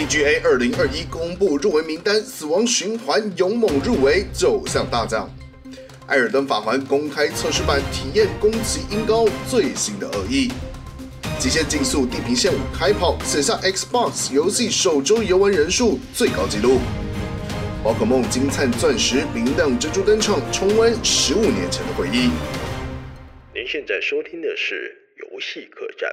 TGA 二零二一公布入圍名單，《死亡循環》勇猛入圍，九項大獎。《艾爾登法環》公開測試版體驗，宮崎英高最新的惡意。《極限競速：地平線五》開跑，寫下 Xbox 遊戲首周遊玩人數最高紀錄。《寶可夢：晶燦鑽石、明亮珍珠》登場，重溫十五年前的回憶。您現在收聽的是《遊戲客棧》。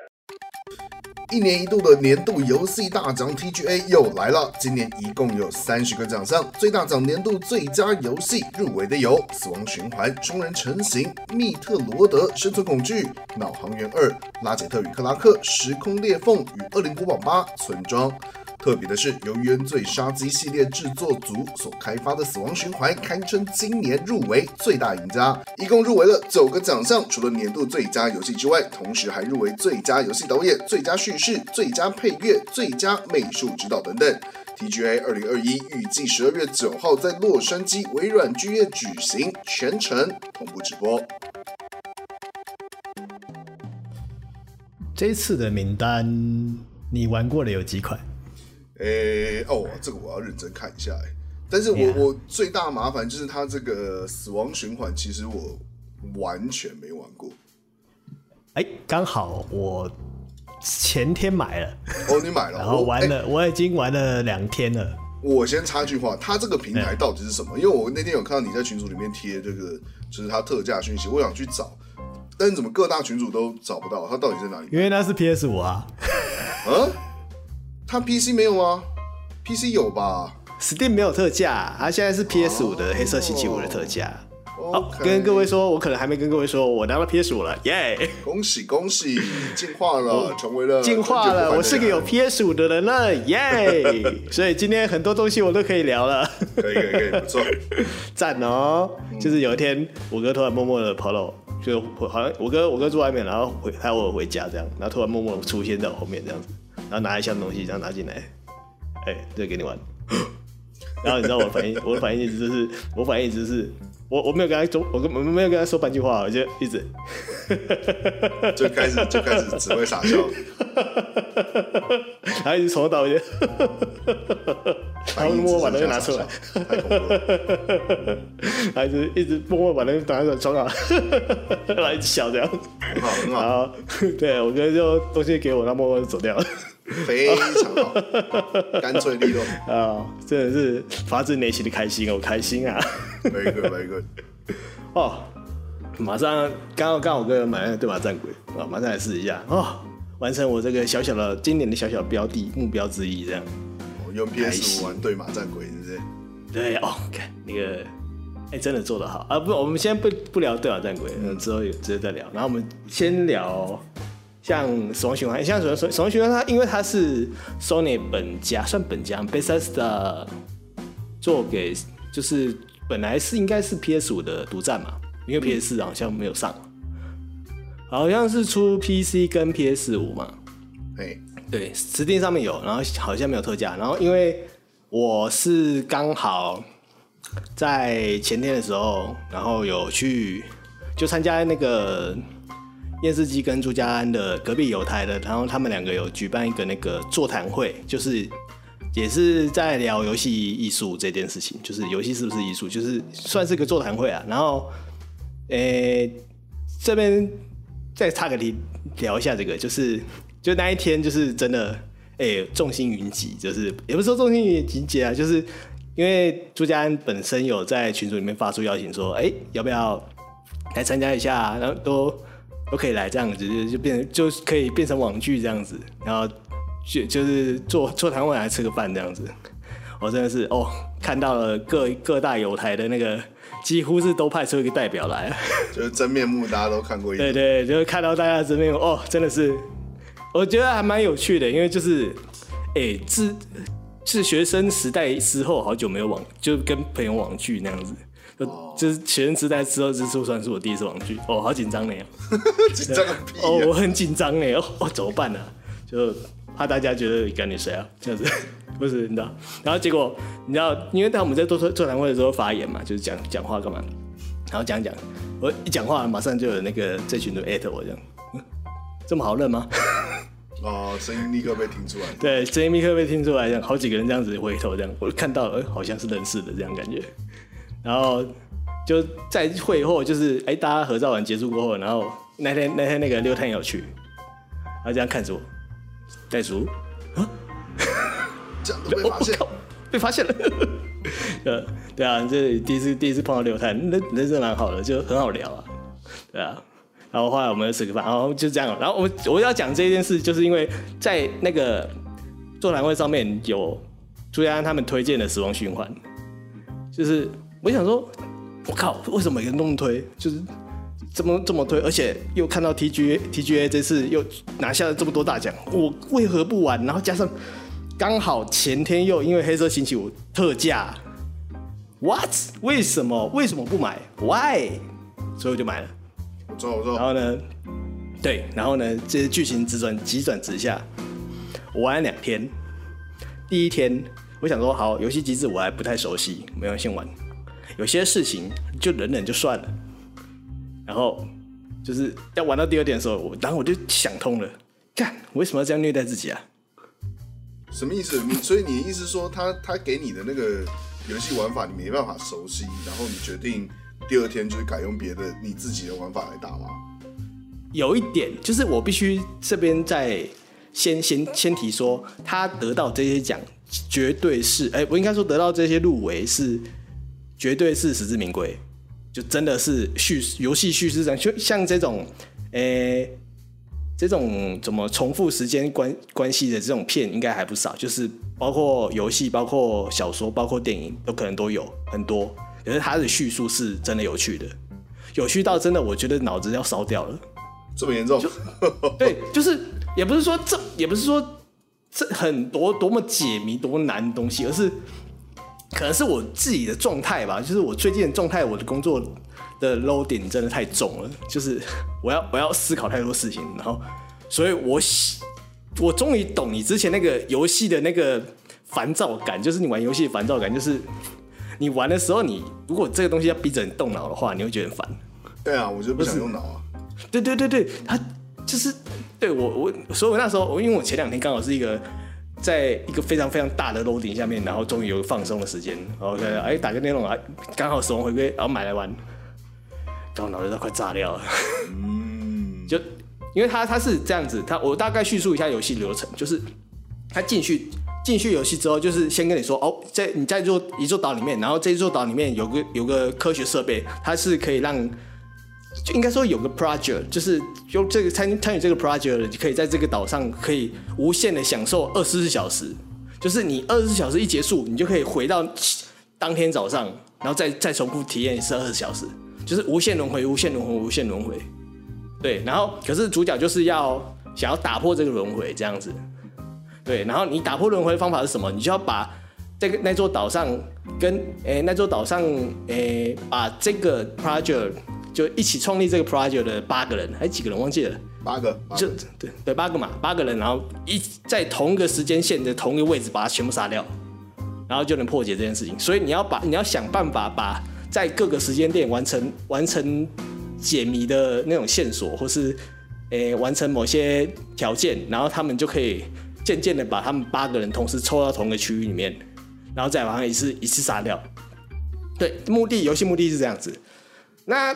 一年一度的年度遊戲大獎 TGA 又來了，今年一共有三十個獎項，最大獎年度最佳遊戲入圍的有《死亡循環》《雙人成行》《密特羅德：生存恐懼》《腦航員2》《拉杰特與克拉克》《時空裂縫》與《惡靈古堡八村莊》。特別的是，由《冤罪殺機》系列製作組所開發的《死亡循環》堪稱今年入圍最大贏家，一共入圍了九個獎項，除了年度最佳遊戲之外，同時還入圍最佳遊戲導演、最佳敘事、最佳配樂、最佳美術指導等等。TGA 二零二一預計十二月九號在洛杉磯微軟劇院舉行，全程同步直播。這次的名單，你玩過的有幾款？哎、欸、哦，這個我要認真看一下哎。但是我 Yeah. 我最大的麻煩就是它這個死亡循環，其實我完全沒玩過。哎、欸，剛好我前天買了，哦，你買了， 然後玩了，我，欸、我已經玩了兩天了。我先插句話，它這個平台到底是什麼？Yeah. 因為我那天有看到你在群組裡面貼這個，就是它特價訊息，我想去找，但是怎麼各大群組都找不到它到底在哪裡？因為那是 PS 五啊。嗯、啊。他 PC 沒有嗎？PC 有吧？Steam 沒有特價，他現在是 PS 五的黑色星期五的特價，oh, okay. 哦。跟各位說，我可能還沒跟各位說，我拿到 PS 五了，耶、yeah!！恭喜恭喜，進化了，oh, 成為了進化了，我是個有 PS 五的人了，耶、yeah!！ 所以今天很多東西我都可以聊了， 可以可以可以，可不錯，讚 哦！就是有一天，嗯、我哥突然默默的跑了，就好像我哥我哥住外面，然後回還我回家這樣，然後突然默默出現在我後面這樣子。然後拿一箱東西，然後拿進來，哎，這給你玩。 然後你知道我的反應，我的反應一直都是，我反應一直是。我我沒有跟他走，我跟，我沒有跟他說半句話，我就一直就開始就 開始只會傻笑，還 一直從頭到尾，哦，然後默默把東西拿出來，還 一直一直默默把那個打在床上， 然後一直笑這樣，很好很好，很好，對我覺得就東西給我，然後默默就走掉了。 非常好，乾、哦、脆利落啊！真的是發自內心的開心、哦，我開心啊！來一個，來一個哦！馬上，剛剛剛我哥哥買了對馬戰鬼啊、哦，馬上來試一下哦，完成我這個小小的今年的小小標的目標之一，這樣。哦、用 PS5 玩對馬戰鬼，哎、喲是不是？對哦，那個，哎、欸，真的做得好啊！不，我們先不不聊對馬戰鬼，那、嗯、之後直接再聊。然後我們先聊。像死亡循環，像死亡，死亡循環，它因為它是 Sony 本家，算本家 Bethesda 的做給，就是本來是應該是 PS 五的獨佔嘛，因為 PS 四好像沒有上，好像是出 PC 跟 PS 五嘛。對，對，Steam 上面有，然後好像沒有特價。然後因為我是剛好在前天的時候，然後有去就參加那個，電視基跟朱家安的隔壁友台的，然後他們兩個有舉辦一個那個座談會，就是也是在聊遊戲藝術這件事情，就是遊戲是不是藝術，就是算是個座談會啊。然後，誒，這邊再插個題聊一下這個，就是就那一天就是真的，誒，眾星雲集，就是也不是說眾星雲集、集啊，就是因為朱家安本身有在群組裡面發出邀請說，哎，要不要來參加一下啊，然後都。都可以來這樣子，就就變就可以變成網聚這樣子，然後就就是坐坐談完來吃個飯這樣子。我真的是哦，看到了各各大友台的那個，幾乎是都派出一個代表來，就是真面目，大家都看過一 對對，就是看到大家真面目哦，真的是，我覺得還蠻有趣的，因為就是，哎，自自學生時代時候好久沒有網，就跟朋友網聚那樣子。Oh. 就是全職在之後之初，算是我第一次網聚哦，oh, 好緊張嘞，緊張個屁哦，oh, 我很緊張嘞，哦、oh, oh, 怎麼辦呢、啊？就怕大家覺得你趕緊睡啊，這樣子 不是？你知道？然後結果你知道，因為當我們在做座談會的時候發言嘛，就是講講話幹嘛，然後講講，我一講話馬上就有那個這群人艾特我這樣， 這麼好認嗎？哦，聲音立刻被聽出來， 對，聲音立刻被聽出來，這樣好幾個人這樣子回頭這樣，我看到了，好像是認識的這樣感覺。然後就在會後，就是哎，大家合照完結束過後，然後那天那天那個六探有去，然後這樣看着我，袋鼠啊， 這樣，我、哦、靠，被發現了， 對啊，這、啊、第一次第一次碰到六探，人人生蠻好的，就很好聊啊，對啊，然後後來我們就吃個飯，然後就這樣，然後我我要講這件事，就是因為在那個座談會上面有朱家安他們推薦的《死亡循環》，就是。我想說，我靠，為什麼有人這麼推？就是這麼這麼推？而且又看到 TGA TGA 這次又拿下了這麼多大獎，我為何不玩？然後加上剛好前天又因為黑色星期五特價，What？為什麼？為什麼不買？Why？所以我就買了。然後呢？對，然後呢？這些劇情直轉急轉直下。我玩了兩天，第一天我想說，好，遊戲機制我還不太熟悉，沒關係，先玩。有些事情就忍忍就算了，然後就是要玩到第二點的時候，然後我就想通了，幹，為什麼要這樣虐待自己啊？什麼意思？所以你的意思說，他他給你的那個遊戲玩法你沒辦法熟悉，然後你決定第二天就改用別的你自己的玩法來打嗎？有一點就是我必須這邊再先先先提說，他得到這些獎絕對是，哎、欸，我應該說得到這些入圍是。絕對是實至名歸，就真的是敘遊戲敘事上，就像這種，誒、欸，這種怎麼重複時間關關係的這種片，應該還不少。就是包括遊戲、包括小說、包括電影，都可能都有很多。可是它的敘述是真的有趣的，有趣到真的我覺得腦子要燒掉了。這麼嚴重？就對，就是也不是說這也不是說這很多多麼解謎多麼難的東西，而是。可能是我自己的狀態吧，就是我最近的狀態，我的工作的 loading 真的太重了，就是我要我要思考太多事情，然後，所以我我終於懂你之前那個遊戲的那個煩躁感，就是你玩遊戲的煩躁感，就是你玩的時候你，你如果這個東西要逼着你動腦的話，你會覺得煩。對啊，我就不想用腦啊。對對對對，他就是對我我，所以我那時候，因為我前兩天剛好是一個。在一個非常非常大的樓頂下面，然後終於有放鬆的時間。OK，哎，打個電動啊，剛好《死亡回歸》，然後買來玩，腦袋都快炸掉了。嗯， 就因為他他是這樣子，他我大概敘述一下遊戲流程，就是他進去進去遊戲之後，就是先跟你說哦，在你在一座一座島裡面，然後這一座島裡面有個有個科學設備，它是可以讓。就應該說有個 project，就是用這個參參與這個 project，你可以在這個島上可以無限的享受二十四小時。就是你二十四小時一結束，你就可以回到當天早上，然後再再重複體驗一次二十四小時，就是無限輪迴，無限輪迴，無限輪迴。對，然後可是主角就是要想要打破這個輪迴這樣子。對，然後你打破輪迴的方法是什麼？你就要把這個那座島上跟誒、欸、那座島上誒、欸、把這個 project。就一起創立這個 project 的八個人，還、欸、幾個人忘記了？八個，八個就對對八個嘛，八個人，然後一在同一個時間線的同一個位置把它全部殺掉，然後就能破解這件事情。所以你要把你要想辦法把在各個時間點完成完成解謎的那種線索，或是誒、欸、完成某些條件，然後他們就可以漸漸的把他們八個人同時抽到同一個區域裡面，然後再往上一次一次殺掉。對，目的遊戲目的是這樣子。那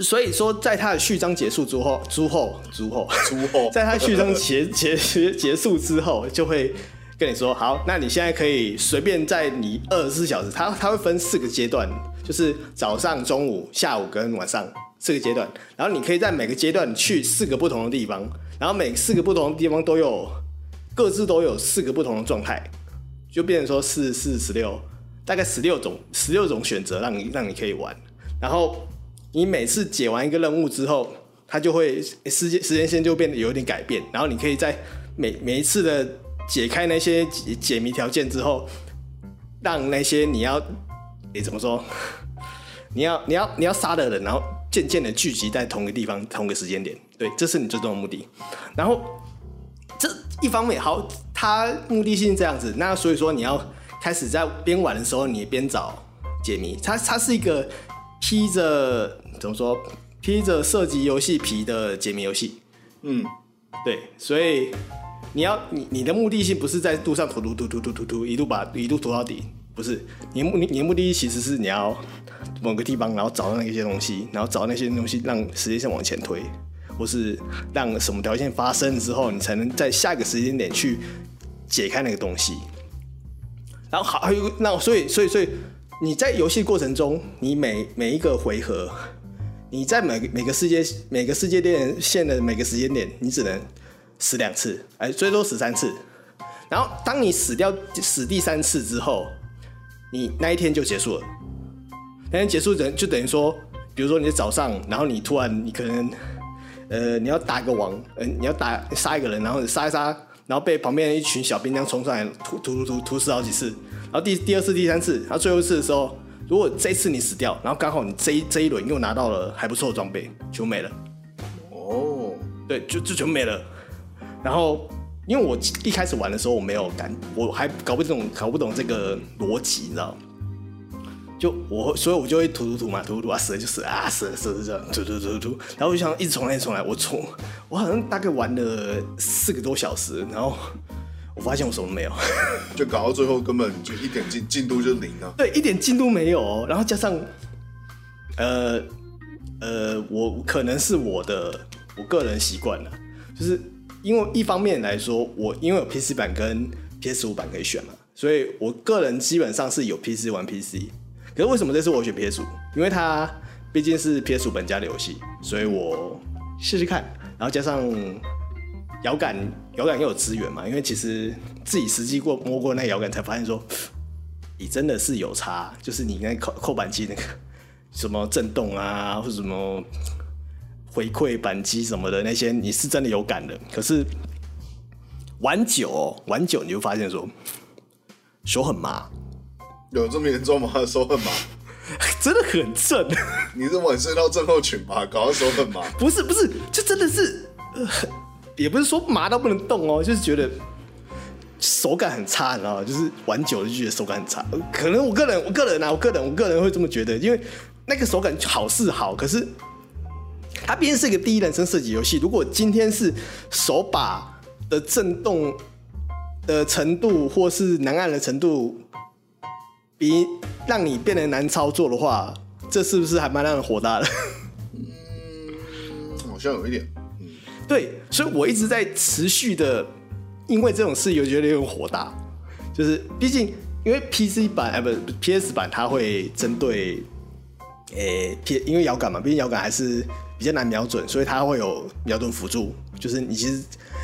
所以說，在他的序章結束之後，之後，之後，之後， 在他序章結結結結束之後，就會跟你說：“好，那你現在可以隨便在你二十四小時，他他會分四個階段，就是早上、中午、下午跟晚上四個階段。然後你可以在每個階段去四個不同的地方，然後每四個不同的地方都有各自都有四個不同的狀態，就變成說四四十六，大概十六種十六種選擇，讓你讓你可以玩。然後。你每次解完一個任務之後，他就會時間時間線就變得有點改變，然後你可以在每每一次的解開那些解、解謎條件之後，讓那些你要，誒，怎麼說？你要你要你要殺的人，然後漸漸的聚集在同一個地方、同個時間點。對，這是你最終的目的。然後這一方面好，它目的性這樣子。那所以說，你要開始在邊玩的時候，你邊找解謎。它它是一個。披着怎麼說？披着涉及遊戲皮的解謎遊戲，嗯，嗯對，所以你要你你的目的性不是在路上塗塗塗塗塗塗塗一路把一路拖到底，不是你目你你目的其實是你要某個地方，然後找到那些東西，然後找那些東西讓時間線往前推，或是讓什麼條件發生之後，你才能在下一個時間點去解開那個東西。然後好，還有那所以所以所以。所以你在遊戲過程中，你每每一個回合，你在每每個世界每個世界線的每個時間點，你只能死兩次，哎，最多死三次。然後當你死掉死第三次之後，你那一天就結束了。那天結束就就等於說，比如說你早上，然後你突然你可能，呃，你要打一個王，呃，你要打殺一個人，然後殺一殺，然後被旁邊的一群小兵將衝上來，屠屠屠屠死好幾次。然後第第二次、第三次，然後最後一次的時候，如果這一次你死掉，然後剛好你這一這一輪又拿到了還不錯的裝備，就沒了。哦，對，就就全沒了。然後因為我一開始玩的時候，我沒有敢，我還搞不懂，搞不懂這個邏輯，你知道嗎？就我，所以我就會吐吐吐嘛，吐吐吐啊，啊，死了就死啊，死了死了這樣，吐吐吐吐吐。然後我就想一直重來，重來。我重，我好像大概玩了四個多小時，然後。我發現我什麼都沒有， 就搞到最後根本就一點進進度就零啊。對，一點進度沒有。然後加上，呃呃，我可能是我的我個人習慣了，就是因為一方面來說，我因為有 PC 版跟 P S 五版可以選嘛，所以我個人基本上是有 PC 玩 PC。可是為什麼這次我選 P S 五？因為它畢竟是 P S 五本家的遊戲，所以我試試看。然後加上搖桿。搖桿又有資源嘛？因為其實自己實際過摸過那搖桿，才發現說，你真的是有差。就是你那扣扣扳機那個什麼震動啊，或者什麼回饋扳機什麼的那些，你是真的有感的。可是玩久、喔、玩久，你就發現說手很麻。有這麼嚴重嗎？手很麻， 真的很震。你是玩成一套震後症候群吧？搞到手很麻？ 不是不是，這真的是。 也不是說麻到不能動哦，就是覺得手感很差，你知道嗎？就是玩久了就覺得手感很差。可能我個人，我個人啊，我個人，我個人會這麼覺得，因為那個手感好是好，可是它畢竟是一個第一人稱射擊遊戲。如果今天是手把的震動的程度，或是難按的程度，比讓你變得難操作的話，這是不是還蠻讓人火大的？好像有一點。對，所以我一直在持續的，因為這種事有覺得很火大，就是畢竟因為 PC 版，哎不 PS 版，它會針對，誒，因為搖桿嘛，畢竟搖桿還是比較難瞄準，所以它會有瞄準輔助，就是你其實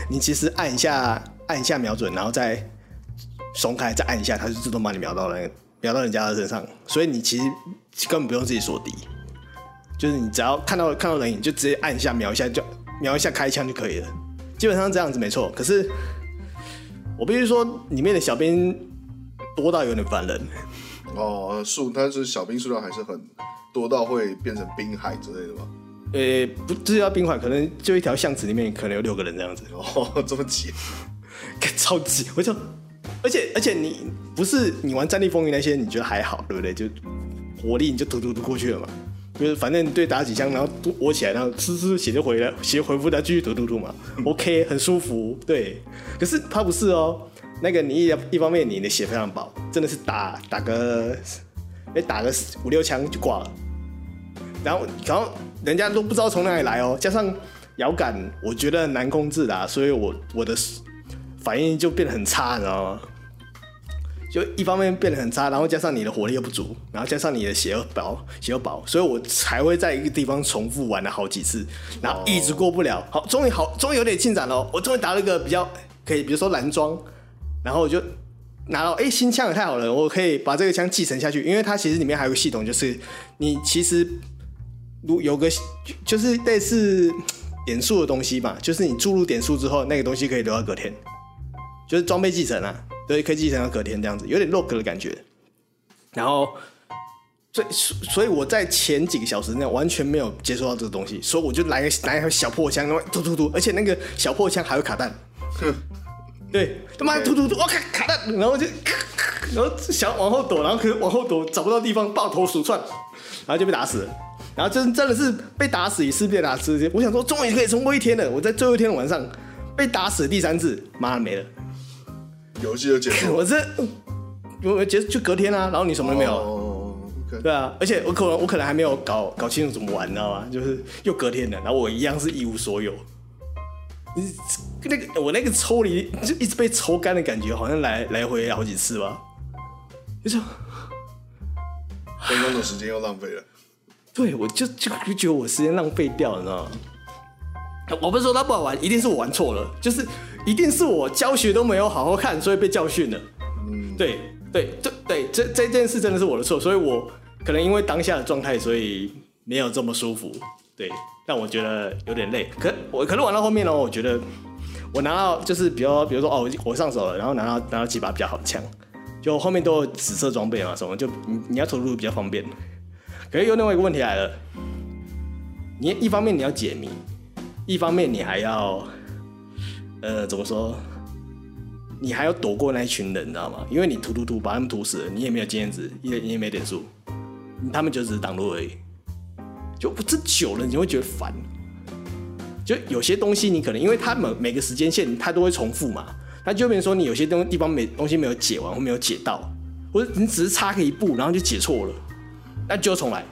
你其實按一下按一下瞄準，然後再鬆開再按一下，它就自動把你瞄到人瞄到人家的身上，所以你其實根本不用自己鎖敵，就是你只要看到看到人影就直接按一下瞄一下就。瞄一下開槍就可以了，基本上這樣子沒錯。可是我必須說，裡面的小兵多到有點煩人。哦，數但是小兵數量還是很多到會變成兵海之類的吧？呃、欸，不知道兵海，可能就一條巷子裡面可能有六個人這樣子哦，這麼擠， 超急，我就，而且而且你不是你玩《戰地風雲》那些你覺得還好對不對？就火力你就突突突過去了嘛。就是反正對打幾槍，然後躲起來，然後滋滋血就回來，血回復，他繼續躲躲躲嘛。OK，很舒服。對，可是他不是哦。那個你一一方面你的血非常薄，真的是打打個哎打個五六槍就掛了。然後然後人家都不知道從哪裡來哦，加上搖桿我覺得很難控制的啊，所以我我的反應就變得很差，你知道嗎？就一方面變得很差，然後加上你的火力又不足，然後加上你的血又薄，血又薄，所以我才會在一個地方重複玩了、啊、好幾次，哦、然後一直過不了。好，終於好，終於有點進展了。我終於達到一個比較可以，比如說藍裝，然後我就拿到，哎、欸，新槍也太好了，我可以把這個槍繼承下去，因為它其實裡面還有個系統，就是你其實如有個就是類似點數的東西嘛，就是你注入點數之後，那個東西可以留到隔天，就是裝備繼承啊。對，可以繼承到隔天這樣子，有點 rogue 的感覺。然後，所以所以我在前幾個小時內完全沒有接觸到這個東西，所以我就拿拿一條小破槍，然後突突突，而且那個小破槍還有卡彈。嗯、對，他媽對突突突，我、哦、卡卡彈，然後就然後想往後躲，然後可是往後躲找不到地方，抱頭鼠竄，然後就被打死了。然後真真的是被打死一次，被打死。我想說，終於可以撐過一天了。我在最後一天晚上被打死第三次，媽沒了。遊戲就結束我，我這我我結就隔天啊，然後你什麼都沒有、啊，oh, okay. 對啊，而且我可能我可能還沒有搞、嗯、搞清楚怎麼玩，你知道嗎？就是又隔天了，然後我一樣是一無所有。你那個我那個抽離就一直被抽乾的感覺，好像來來回好幾次吧。就這樣，五分鐘的時間又浪費了。 對，我就就不覺得我時間浪費掉了，你知道嗎？我不是說它不好玩，一定是我玩錯了，就是。一定是我教學都沒有好好看，所以被教訓了。對，對，對，對，這這件事真的是我的錯，所以我可能因為當下的狀態，所以沒有這麼舒服。對，但我覺得有點累。可我可是玩到後面呢，我覺得我拿到就是比較，比如說哦，我上手了，然後拿到拿到幾把比較好的槍，就後面都有紫色裝備嘛什麼，就你，你要投入比較方便。可是又另外一個問題來了，你一方面你要解謎，一方面你還要。呃，怎麼說？你還要躲過那一群人，你知道嗎？因為你突突突把他們屠死了，你也沒有經驗值，也你也沒點數，他們就只是擋路而已。就這久了，你會覺得煩。就有些東西，你可能因為他們每，每個時間線他都會重複嘛，那就比如說你有些東地方沒東西沒有解完或沒有解到，或者你只是差個一步，然後就解錯了，那就重來。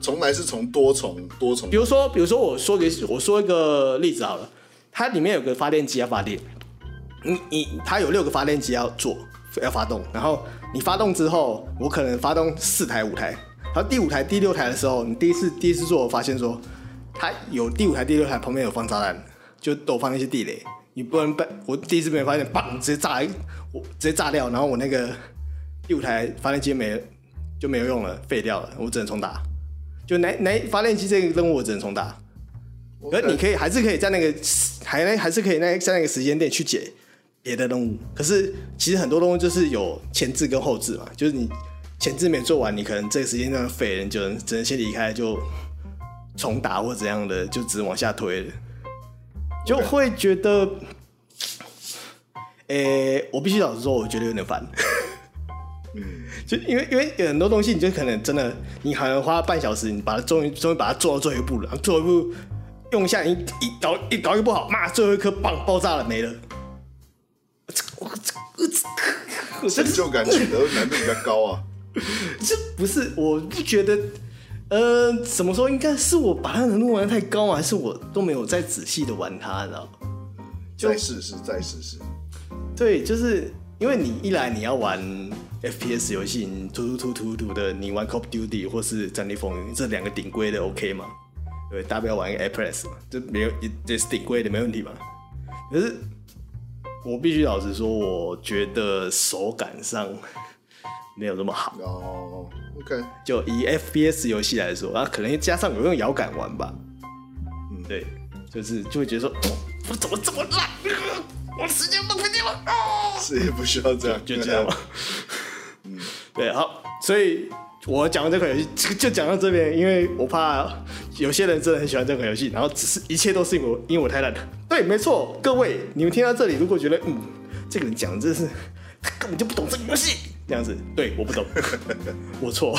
重來是從多重多重。比如說，比如說，我說給我說一個例子好了。它裡面有個發電機要發電，你你它有六個發電機要做要發動，然後你發動之後，我可能發動四台五台，然後第五台第六台的時候，你第一次第一次做我發現說，它有第五台第六台旁邊有放炸彈，就都放一些地雷，你不能被我第一次沒有發現，砰，直接炸我直接炸掉，然後我那個第五台發電機沒就沒有用了，廢掉了，我只能重打，就哪哪發電機這個任務我只能重打。而你可以還是可以在那個還還是可以那在那個時間點去解別的東西。可是其實很多東西就是有前置跟後置嘛，就是你前置沒做完，你可能這個時間段廢，你就能只能先離開，就重打或怎樣的，就只能往下推了。就會覺得，誒，我必須老實說，我覺得有點煩。嗯，就因為因為有很多東西，你就可能真的，你好像花半小時，你把它終於終於把它做到最後一步了，然後最後一步。用一下，一搞一搞又不好，媽，最後一顆棒爆炸了，沒了。我這這這，拯救感取得難度比較高啊。這不是，我不覺得，呃，怎麼說？應該是我把它的難度玩的太高啊，還是我都沒有再仔細的玩它呢？再試試，再試試。對，就是因為你一來你要玩 FPS 遊戲，突突突突的，你玩《Call of Duty》或是《戰地風雲》這兩個頂規的 OK 嗎？對，大不了玩一個 Apex，就沒有也也是頂貴的，沒問題嘛。可是我必須老實說，我覺得手感上沒有那麼好。哦、oh，OK。就以 FPS 遊戲來說，啊，可能加上有用搖桿玩吧。嗯，對，就是就會覺得說，我怎麼這麼爛？我時間都快掉了哦誰、啊、也不需要這樣，就這樣嘛。嗯， 對，好，所以。我講完這款遊戲就講到這邊，因為我怕有些人真的很喜歡這款遊戲，然後只是一切都是因為我因為我太爛，對，沒錯，各位你們聽到這裡，如果覺得嗯，這個人講的真是他根本就不懂這個遊戲，這樣子，對，我不懂， 我錯，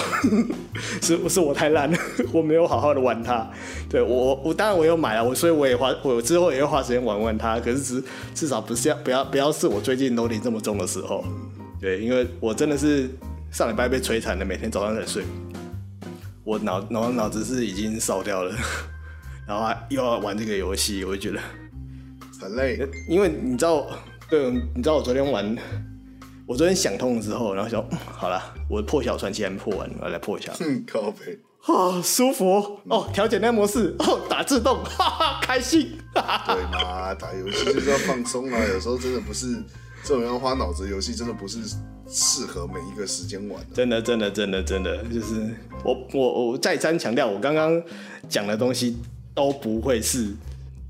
是是，我太爛了，我沒有好好的玩它。對我我當然我有買了，我所以我也花我之後也會花時間玩玩它，可是至至少不是要不要不要是我最近 loading 這麼重的時候，對，因為我真的是。上禮拜被摧殘了，每天早上才睡，我腦、腦、腦子是已經燒掉了，然後又要玩這個遊戲，我就覺得很累。因為你知道，對，你知道我昨天玩，我昨天想通之後，然後說好了，我的破曉傳奇還沒破完，我要來破一下。嗯，靠北，好，哦，舒服哦，調節那模式哦，打自動，哈哈，開心。對嘛，打遊戲就是要放鬆嘛，啊， 有時候真的不是這種要花腦子的遊戲，真的不是。適合每一個時間玩，真的，真的，真的，真的，就是我，我，我再三強調，我剛剛講的東西都不會是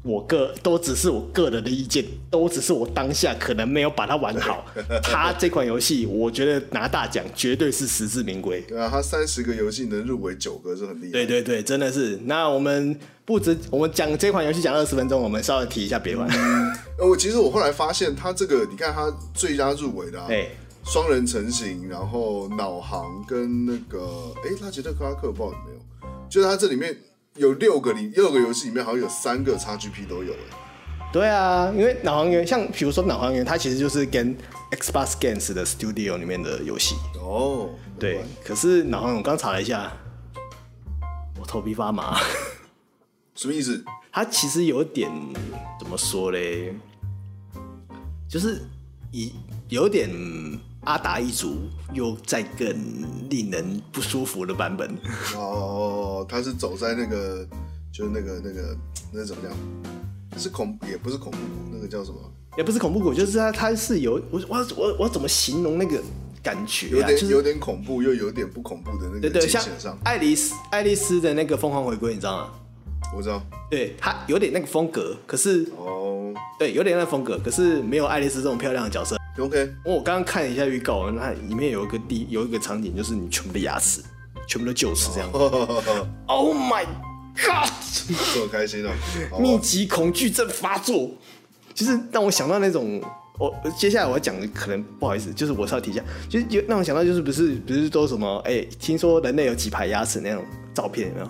我個，都只是我個人的意見，都只是我當下可能沒有把它玩好。他對 這款遊戲，我覺得拿大獎絕對是實至名歸。對啊，他三十個遊戲能入圍九個是很厲害。對對對，真的是。那我們不止我們講這款遊戲講二十分鐘，我們稍微提一下別玩。我、嗯、其實我後來發現，他這個你看，他最佳入圍的、啊，欸雙人成行，然後腦航跟那個哎，拉吉特克拉克我不知道有沒有？就是它這裡面有六個六個遊戲裡面好像有三個 XGP 都有。對啊，因為腦航員像比如說腦航員，它其實就是跟 Xbox Games 的 Studio 裡面的遊戲。哦，oh, 對。可是腦航，我剛查了一下，我頭皮發麻， 什麼意思？它其實有點怎麼說嘞？就是有點。阿達一族又在更令人不舒服的版本。哦，他是走在那個，就是那個那個那怎麼樣？是恐也不是恐怖那個叫什麼？也不是恐怖谷，就是他他是有我我我我怎麼形容那個感覺、啊就是、有點有點恐怖又有點不恐怖的那種、嗯。對對，像愛麗絲愛麗絲的那個瘋狂回歸，你知道嗎？我知道。對，他有點那個風格，可是哦，對，有點那個風格，可是沒有愛麗絲這種漂亮的角色。OK，我剛剛看了一下預告，那裡面有一個第有一個場景，就是你全部的牙齒全部都臼齒這樣。Oh, oh, oh, oh. Oh my god！這麼 開心啊、哦！密集恐懼症發作， 就是讓我想到那種我接下來我要講的，可能不好意思，就是我稍微提一下，就是有讓我想到就是不是不是都是什麼哎、欸，聽說人類有幾排牙齒那種照片有沒有？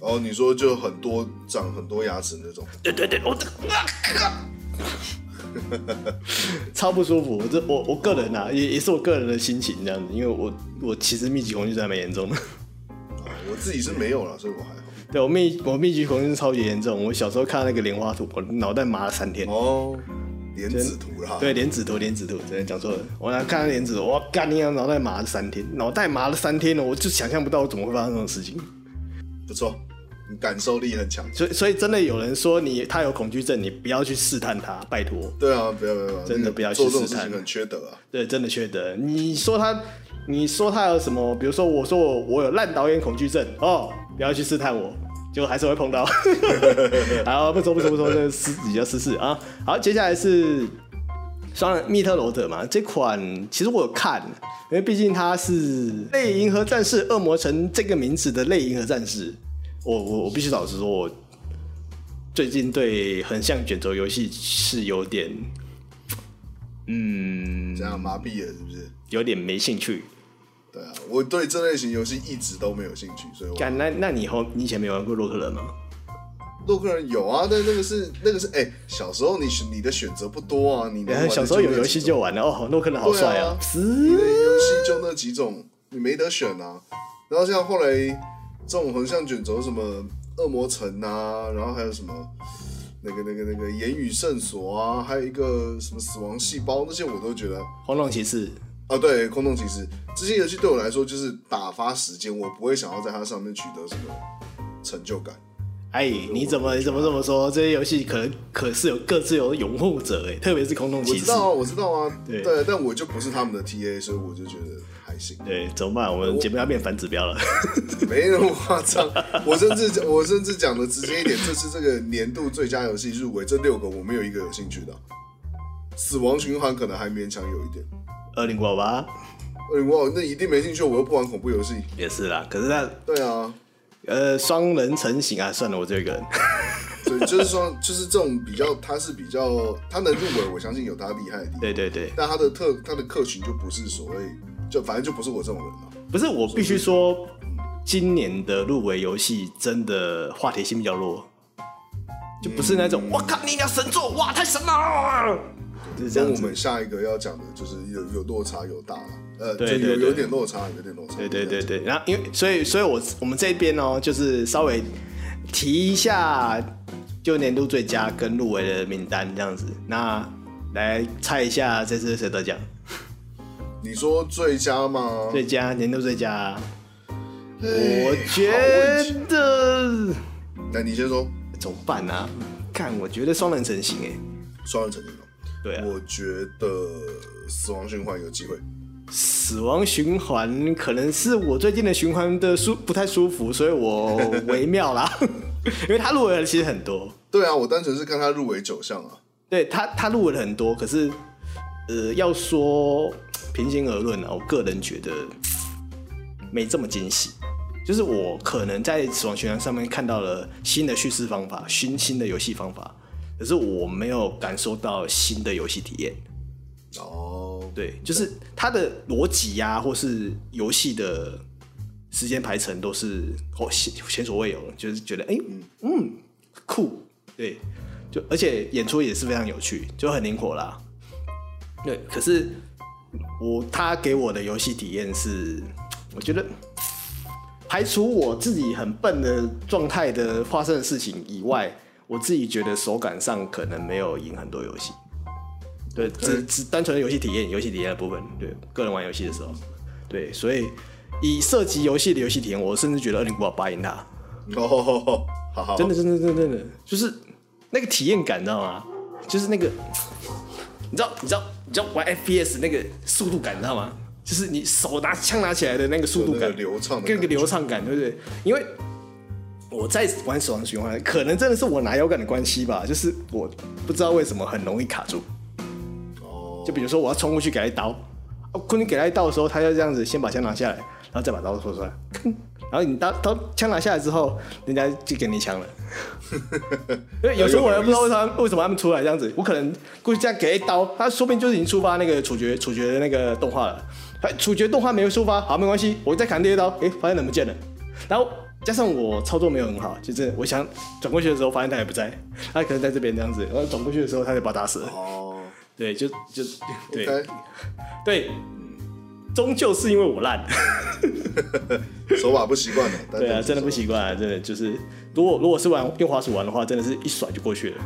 哦，oh, 你說就很多長很多牙齒那種？對對對，我這啊！ 超不舒服，這我我，我個人啊，哦、也也是我個人的心情這樣子，因為我我其實密集恐懼症還蠻嚴重的、啊，我自己是沒有啦， 所以我還好。對，我密我密集恐懼症超級嚴重，我小時候看那個蓮花圖，我腦袋麻了三天。哦，蓮子圖哈、啊。對，蓮子圖，蓮子圖，真的講錯了。嗯、我來看蓮子圖，我幹你啊，腦袋麻了三天，腦袋麻了三天了，我就想象不到我怎麼會發生這種事情。不錯。感受力很強，所以所以真的有人說你他有恐懼症，你不要去試探他，拜托。對啊，不要不要，真的、嗯、不要去試探，很缺德啊。對，真的缺德。你說他，你說他有什麼？比如說，我說我我有爛導演恐懼症哦，不要去試探我，就還是會碰到。 好，不說不說不說，不說這私比較私事啊。好，接下來是雙人密特羅德嘛？這款其實我有看，因為畢竟它是《類銀河戰士惡魔城》這個名字的《類銀河戰士》。我我我必須老實說，我最近對橫向卷軸遊戲是有點，嗯，這樣麻痹了，是不是？有點沒興趣。對啊，我對這類型遊戲一直都沒有興趣，所以我、啊。幹，那那你以後你以前沒有玩過洛克人嗎？洛克人有啊，但那個是那個是哎、欸，小時候你選你的選擇不多啊，你的啊小時候有遊戲就玩了哦，洛克人好帥啊，是、啊。遊戲死就那幾種，你沒得選啊。然後像後來。這種橫向卷軸，什麼惡魔城啊，然後還有什麼那個那個那個鹽與聖所啊，還有一個什麼死亡細胞那些，我都覺得空洞騎士、嗯、啊對，對空洞騎士這些遊戲對我來說就是打發時間，我不會想要在它上面取得什麼成就感。哎，你怎麼你怎麼這麼說？這些遊戲可能可是有各自有擁護者哎，特別是空洞騎士，我知道啊，我知道啊，對，對但我就不是他們的 TA，所以我就覺得還行。對，怎麼辦？我們節目要變反指標了，沒那麼誇張。 我甚至我甚至講的直接一點，就 是這個年度最佳遊戲入圍這六個，我沒有一個有興趣的。死亡循環可能還勉強有一點。二零八八，二零八八，那一定沒興趣。我又不玩恐怖遊戲，也是啦。可是他，對啊。呃，雙人成型啊，算了，我這個人，對， 就是說，就是這種比較，他是比較，他能入圍，我相信有他厲害的地方。對對對，但他的特，他的客群就不是所謂，就反正就不是我這種人。不是，我必須說，以今年的入圍遊戲真的話題性比較弱，就不是那種，我、嗯、靠，你倆神作，哇，太神了，啊。是這樣，我們下一個要講的就是有有落差有大了、啊，呃，對，對，對有有點落差，有點落差。對對對對，然後因為所以所以我我們這邊哦、喔，就是稍微提一下，就年度最佳跟入圍的名單這樣子，那來猜一下這次誰得獎？你說最佳嗎？最佳年度最佳，嘿我覺得，那你先說，怎麼辦呢、啊？看，我覺得雙人成型哎、欸，雙人成型。對啊，我覺得《死亡循環》有機會，《死亡循環》可能是我最近的循環的舒不太舒服，所以我微妙啦， 因為他入圍了其實很多。對啊，我單純是看他入圍九項啊。對，他，他入圍了很多，可是呃，要說平心而論啊，我個人覺得沒這麼驚喜。就是我可能在《死亡循環》上面看到了新的敘事方法，新新的遊戲方法。可是我沒有感受到新的遊戲體驗哦，oh, 對，就是它的邏輯呀，或是遊戲的時間排程都是哦，前所未有。就是覺得，哎、欸嗯，嗯，酷，對，就而且演出也是非常有趣，就很靈活啦。對，可是我它給我的遊戲體驗是，我覺得排除我自己很笨的狀態的發生的事情以外。我自己覺得手感上可能沒有贏很多遊戲，對，欸、只只單純的遊戲體驗，遊戲體驗的部分，對，個人玩遊戲的時候，對，所以以涉及遊戲的遊戲體驗，我甚至覺得二零五八贏它，嗯、哦，哦，哦，好，好真，真的，真真真真的，就是那個體驗感，知道嗎？就是那個，你知道，你知道，你知道玩 FPS 那個速度感，知道嗎？就是你手拿槍拿起來的那個速度感，流暢，那個流暢感，對不對？因為。我在玩死亡循環，可能真的是我拿腰桿的關係吧，就是我不知道為什麼很容易卡住。Oh. 就比如說我要衝過去給他一刀，哦，可能給他一刀的時候，他要這樣子先把槍拿下來，然後再把刀拖出來， 然後你刀刀槍拿下來之後，人家就給你槍了。 因為有時候我也不知道為什麼為什麼他們出來這樣子，我可能過去這樣給他一刀，他說不定就是已經觸發那個處決處決的那個動畫了。哎，處決動畫沒有觸發，好沒關係，我再砍第二刀，哎、欸，發現人不見了，然後。加上我操作沒有很好，就是我想轉過去的時候，發現他也不在，他可能在這邊這樣子。然後轉過去的時候，他就把他打死了。哦，oh. 對，就就 Okay. 對對、嗯，終究是因為我爛， 手把不習慣的對啊，真的不習慣，真的就是，如果如果是玩用滑鼠玩的話，真的是一甩就過去了。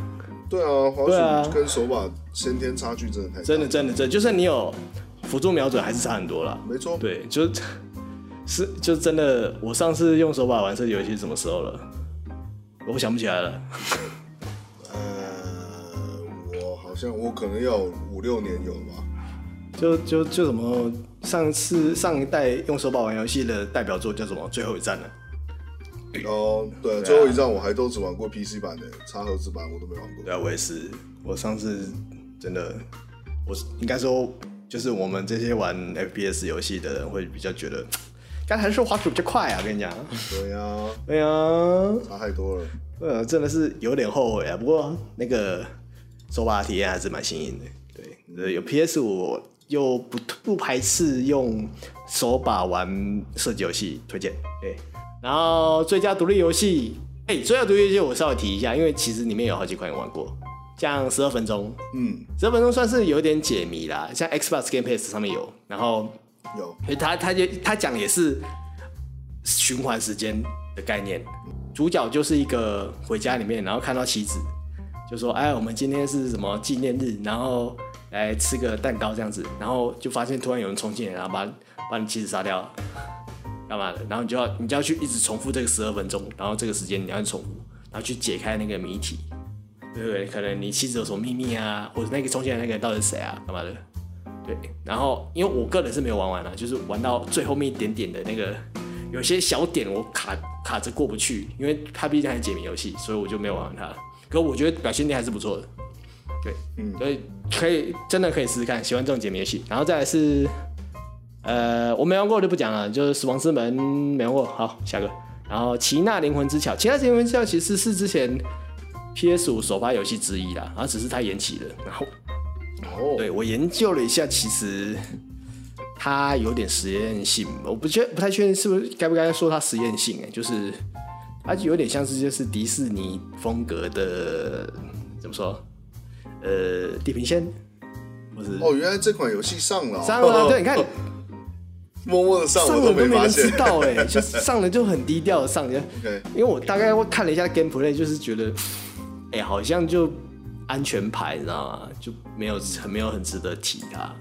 對啊，滑鼠、啊、跟手把先天差距真的太大，真的真的真的，就算你有輔助瞄準，還是差很多了。沒錯，對，就是。是，就真的，我上次用手把玩這個遊戲是什麼時候了？我想不起來了。 嗯、呃，我好像我可能要五六年有了吧。就就就什麼上？上次上一代用手把玩遊戲的代表作叫什麼？最後一戰呢、啊？哦、呃，對、啊，最後一戰我還都只玩過 PC 版的、欸，插盒子版我都沒玩過。對、啊，我也是。我上次真的，我應該說，就是我們這些玩 FPS 遊戲的人會比較覺得。剛才說滑鼠比較快啊，跟你講，對啊，對啊，差太多了。呃，對啊，真的是有點後悔啊。不過那個手把的體驗還是蠻新穎的。對，有 PS 5，又不不排斥用手把玩射擊遊戲，推薦。對，然後最佳獨立遊戲、欸，最佳獨立遊戲我稍微提一下，因為其實裡面有好幾款玩過，像十二分鐘，嗯，十二分鐘算是有點解謎啦，像 Xbox Game Pass 上面有，然後。有，他他就他講也是循環時間的概念，主角就是一個回家裡面，然後看到妻子就說：“哎，我們今天是什麼紀念日？然後來吃個蛋糕這樣子。”然後就發現突然有人衝進來，然後把把你妻子殺掉幹嘛的？然後你就要你就要去一直重複這個十二分鐘，然後這個時間你要去重複，然後去解開那個謎題，對不對？可能你妻子有什麼秘密啊，或者那個衝進來的那個人到底是誰啊，幹嘛的？對，然後因為我個人是沒有玩完啦，就是玩到最後面一點點的那個，有些小點我卡卡着過不去，因為它畢竟還是解謎遊戲，所以我就沒有玩完它。可我覺得表現力還是不錯的，對，嗯，所以可以真的可以試試看，喜歡這種解謎遊戲。然後再來是，呃，我沒玩過就不講了，就是《死亡之門》沒玩過，好，下個。然後奇《奇納靈魂之橋》，《奇納靈魂之橋》其實是之前 PS5 首發遊戲之一啦，啊，只是太延期了，然後。Oh. 對，我研究了一下，其實它有點實驗性，我不確不太確定是不是該不該說它實驗性哎，就是它有點像是就是迪士尼風格的，怎麼說？呃，地平線，哦，oh, 原來這款遊戲上了、哦，上了，對，你看，oh. Oh. 默默的上了，上了都，都沒人知道哎，就是上了就很低調的上，因 Okay. 因為我大概我看了一下 gameplay，就是覺得，哎、欸，好像就。安全牌，你知道嗎？就沒有很沒有很值得提它，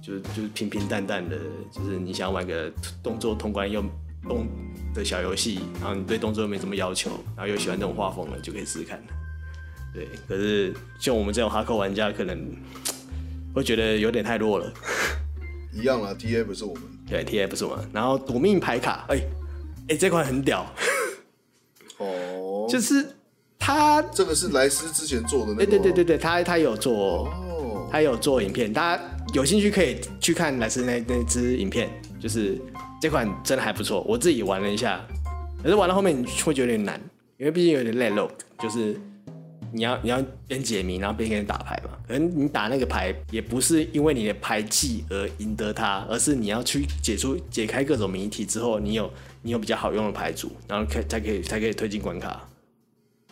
就就平平淡淡的，就是你想玩個動作通關又動的小遊戲，然後你對動作又沒什麼要求，然後又喜歡這種畫風了，你就可以試試看。對，可是像我們這種哈扣、er、玩家，可能會覺得有點太弱了。一樣啊，TF 是我們，對，TF 是我們，然後奪命牌卡，哎、欸、哎、欸，這塊很屌哦，oh. 就是。他這個是萊斯之前做的那，對對對對對，他他有做，他有做影片，大家有興趣可以去看萊斯那那支影片，就是這款真的還不錯，我自己玩了一下，可是玩到後面你會覺得有點難，因為畢竟有點累 log，就是你要你要邊解謎然後邊跟你打牌嘛，可能你打那個牌也不是因為你的牌技而贏得他，而是你要去解出解開各種謎題之後，你有你有比較好用的牌組，然後可才可以才可以推進關卡。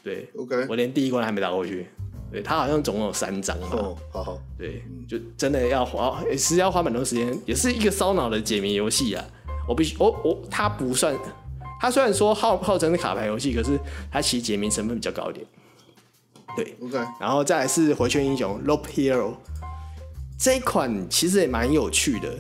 對，OK，我連第一關還沒打過去。對他好像總共有三張，哦，好好，對，就真的要花，是、欸、要花蠻多時間，也是一個燒腦的解謎遊戲啊。我必須，我、哦、我，他、哦、不算，他雖然說號號稱是卡牌遊戲，可是他其實解謎成分比較高一點。對，OK，然後再來是回圈英雄 Loop Hero，這一款其實也蠻有趣的。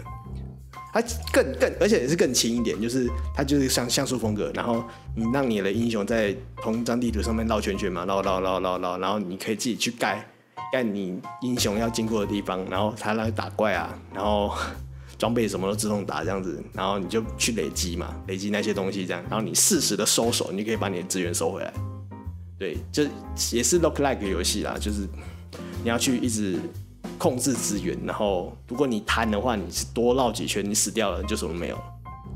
它更更，而且也是更輕一點，就是它就是像像素風格，然後你讓你的英雄在同一張地圖上面繞圈圈嘛，繞繞繞繞繞，然後你可以自己去蓋蓋你英雄要經過的地方，然後他來打怪啊，然後裝備什麼都自動打這樣子，然後你就去累積嘛，累積那些東西這樣，然後你適時的收手，你可以把你的資源收回來，對，就也是 look like 的遊戲啦，就是你要去一直。.控制資源，然後如果你貪的話，你是多繞幾圈，你死掉了，你就什麼沒有了。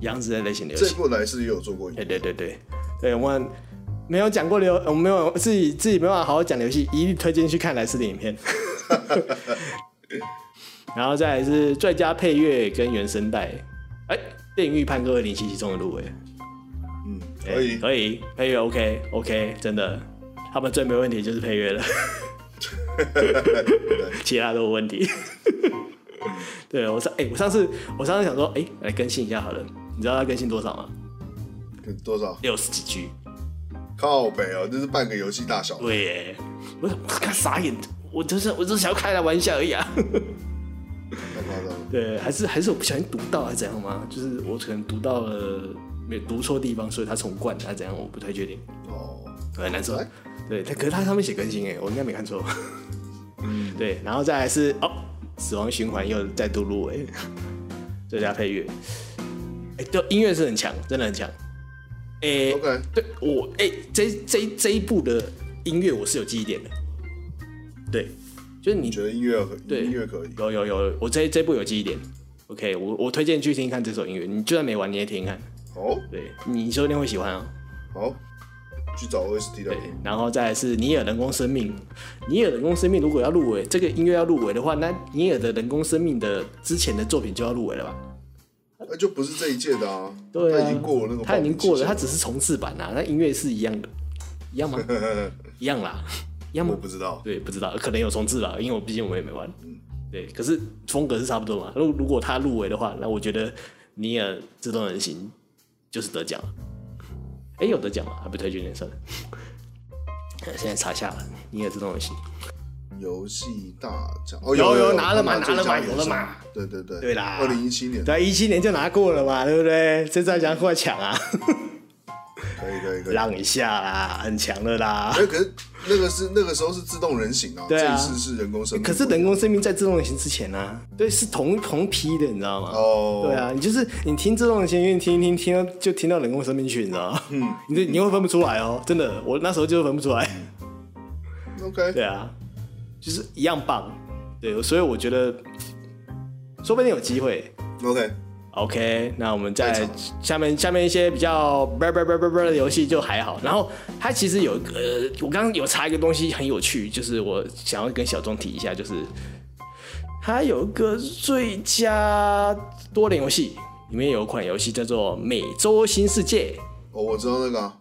楊子的類型的遊戲。這部萊斯也有做過影片。哎對、欸、對對對，對，我們沒有講過遊，我們沒有，們沒有自己自己沒有辦法好好講的遊戲，一律推薦去看萊斯的影片。然後再來是最佳配樂跟原聲帶，哎、欸，電馭叛客2077中的入圍、欸。嗯、欸、可以可以，配樂 OK OK，真的，他們最沒問題就是配樂了。 其他都有問題。 對，我上哎、欸，我上次我上次想說，哎、欸，來更新一下好了。你知道它更新多少嗎？多少？六十幾 G。靠北哦、喔，這是半個遊戲大小。對耶，我我看傻眼，我就是我就是想要開個玩笑而已啊。 對，還是還是我不小心讀到還是怎樣嗎？就是我可能讀到了沒有讀錯地方，所以它重灌還是怎樣？我不太確定。哦、oh,，很難受。right? 對，他可是它上面寫更新哎、欸，我應該沒看錯。嗯、對，然後再來是哦，死亡循環又再度入圍最佳配樂，哎，音樂是很強，真的很強。哎 Okay. 對我哎這這這，這一部的音樂我是有記憶點的，對，就是你覺得音樂，對音樂可以，對，音樂可以，有有有，我這這部有記憶點，OK，我我推薦去聽，聽看這首音樂，你就算沒玩你也聽，聽看，哦，oh. 對，你說一定會喜歡哦。好。Oh. 去找 OST 的，然後再來是尼爾人工生命。尼爾人工生命如果要入圍，這個音樂要入圍的話，那尼爾的人工生命的之前的作品就要入圍了吧？那、啊、就不是這一屆的啊。對啊，他已經過了那個了，他已經過了，他只是重置版啊。那音樂是一樣的，一樣嗎？ 一樣啦。一樣嗎？我不知道。對，不知道，可能有重置吧。因為我畢竟我也沒玩。嗯、對，可是風格是差不多嘛。如果如果他入圍的話，那我覺得尼爾自動人形，就是得獎了。哎、欸，有的獎嘛，還被推居聯賽的。現在查下了，你也知道遊戲，遊戲大獎，哦，有有，有拿了嘛，拿了嘛，有了嘛？對對對，對啦，二零一七年，對一七年就拿過了嘛，對不對？這大獎快搶啊！ 可以可以可以，讓一下啦，很強的啦。哎、欸，可是那個是那個時候是自動人形哦，啊，對啊、這一次是人工生命、啊。可是人工生命在自動人形之前呢？啊？對，是同同批的，你知道嗎？哦，oh. 對啊，你就是你聽自動人形，因為你聽一聽聽到就聽到人工生命去，你知道嗎？嗯，你就你會分不出來哦，真的，我那時候就分不出來。OK，對啊，就是一樣棒。對，所以我覺得說不定有機會。OK。OK，那我們在下面非常 下面一些比較 ab ab ab ab 的遊戲就還好。然後它其實有一個，我剛剛有查一個東西很有趣，就是我想要跟小鐘提一下，就是它有一個最佳多人遊戲，裡面有一款遊戲叫做《美洲新世界》。哦，我知道那個、啊。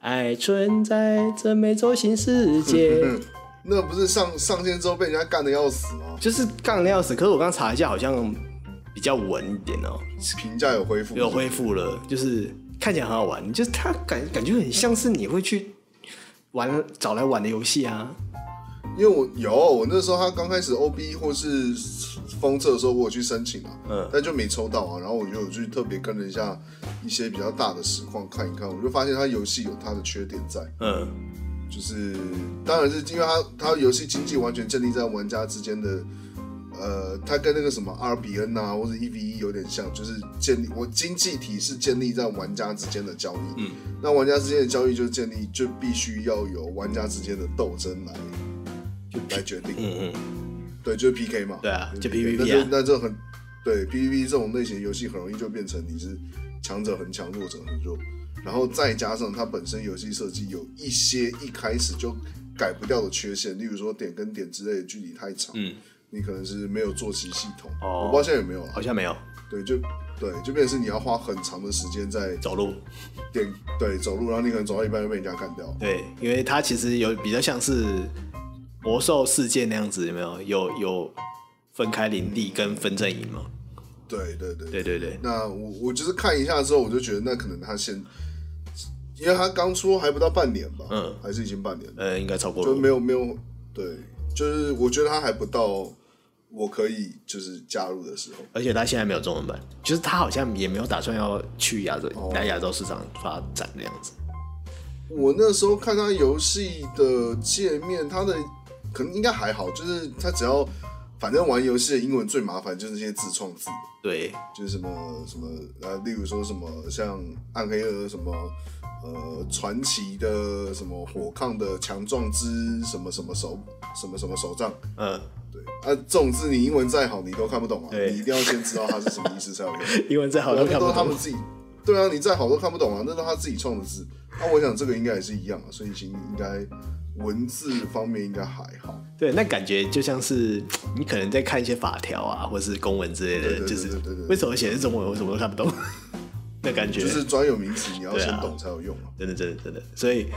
愛存在這美洲新世界。呵呵呵，那不是上、上線之後被人家幹得要死嗎？就是幹的要死。可是我剛查一下，好像。比較穩一點哦、喔，評價有恢復，有恢復了，就是、就是、看起來很好玩，就是、他感感覺很像是你會去玩找來玩的遊戲啊。因為我有、啊、我那時候他剛開始 OB 或是封測的時候，我有去申請了、啊，嗯，但就沒抽到啊。然後我就有去特別跟了一下一些比較大的實況看一看，我就發現他遊戲有他的缺點在，嗯，就是當然是因為他他遊戲經濟完全建立在玩家之間的。呃，它跟那個什麼 RBN 啊，或者 EVE 有點像，就是建立我經濟體是建立在玩家之間的交易。嗯，那玩家之間的交易就建立就必須要有玩家之間的鬥爭來，就 P, 來決定。嗯嗯，對，就是 P K 嘛。對啊，對對就 P V P。那這很對，P V P 這種類型遊戲很容易就變成你是強者很強，弱者很弱。然後再加上它本身遊戲設計有一些一開始就改不掉的缺陷，例如說點跟點之類的距離太長。嗯。你可能是沒有坐騎系統，哦、我不知道現在有沒有了、啊，好像沒有。對，就對，就變成是你要花很長的時間在走路，點對走路，然後你可能走到一半就被人家幹掉。對，因為它其實有比較像是魔獸世界那樣子，有沒有？有有分開領地跟分陣營嘛。對對對對對對。那我我就是看一下之後，我就覺得那可能它先，因為它剛出還不到半年吧？嗯，還是已經半年了？呃、嗯，應該差不多了，就沒有沒有。對，就是我覺得它還不到。我可以就是加入的時候，而且他現在沒有中文版，就是他好像也沒有打算要去亞洲、來亞洲、哦、市場發展的樣子。我那時候看他遊戲的界面，他的可能應該還好，就是他只要反正玩遊戲的英文最麻煩就是那些自創字，對，就是什麼什麼呃，例如說什麼像《暗黑》什麼。呃，傳奇的什麼火抗的強壯之什麼什麼手什麼什麼手杖，嗯，對，啊，這種字你英文再好你都看不懂啊，對你一定要先知道它是什麼意思 才。英文再好都看不懂，那都他們自己，對啊，你再好都看不懂啊，那都是他自己創的字。那、啊、我想這個應該也是一樣啊，所以其實應該文字方面應該還好。對，那感覺就像是你可能在看一些法條啊，或是公文之類的，就是為什麼寫的是中文，我什麼都看不懂。的感覺、嗯、就是專有名詞，你要先懂才有用、啊啊。真的，真的，真的，所以，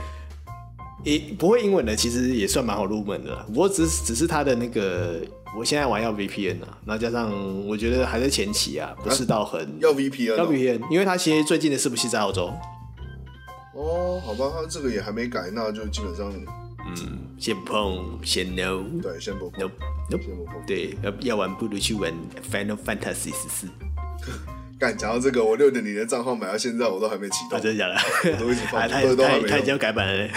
英不會英文的其實也算蠻好入門的。不過只只是他的那個，我現在玩要 VPN 啊。那加上我覺得還在前期啊，不是到很、啊、要 VPN、喔。要 VPN，因為他其實最近的伺服器在澳洲。哦，好吧，他這個也還沒改，那就基本上，嗯，先不碰，先 no。對，先不碰，no，no Nope, 不碰。Nope, 不碰對，不碰要要玩，不如去玩 Final Fantasy 十四。幹，講到這個，我六點零的賬號買到現在，我都還沒啟動。真的假的？都一直放着，都都沒動。已經改版了。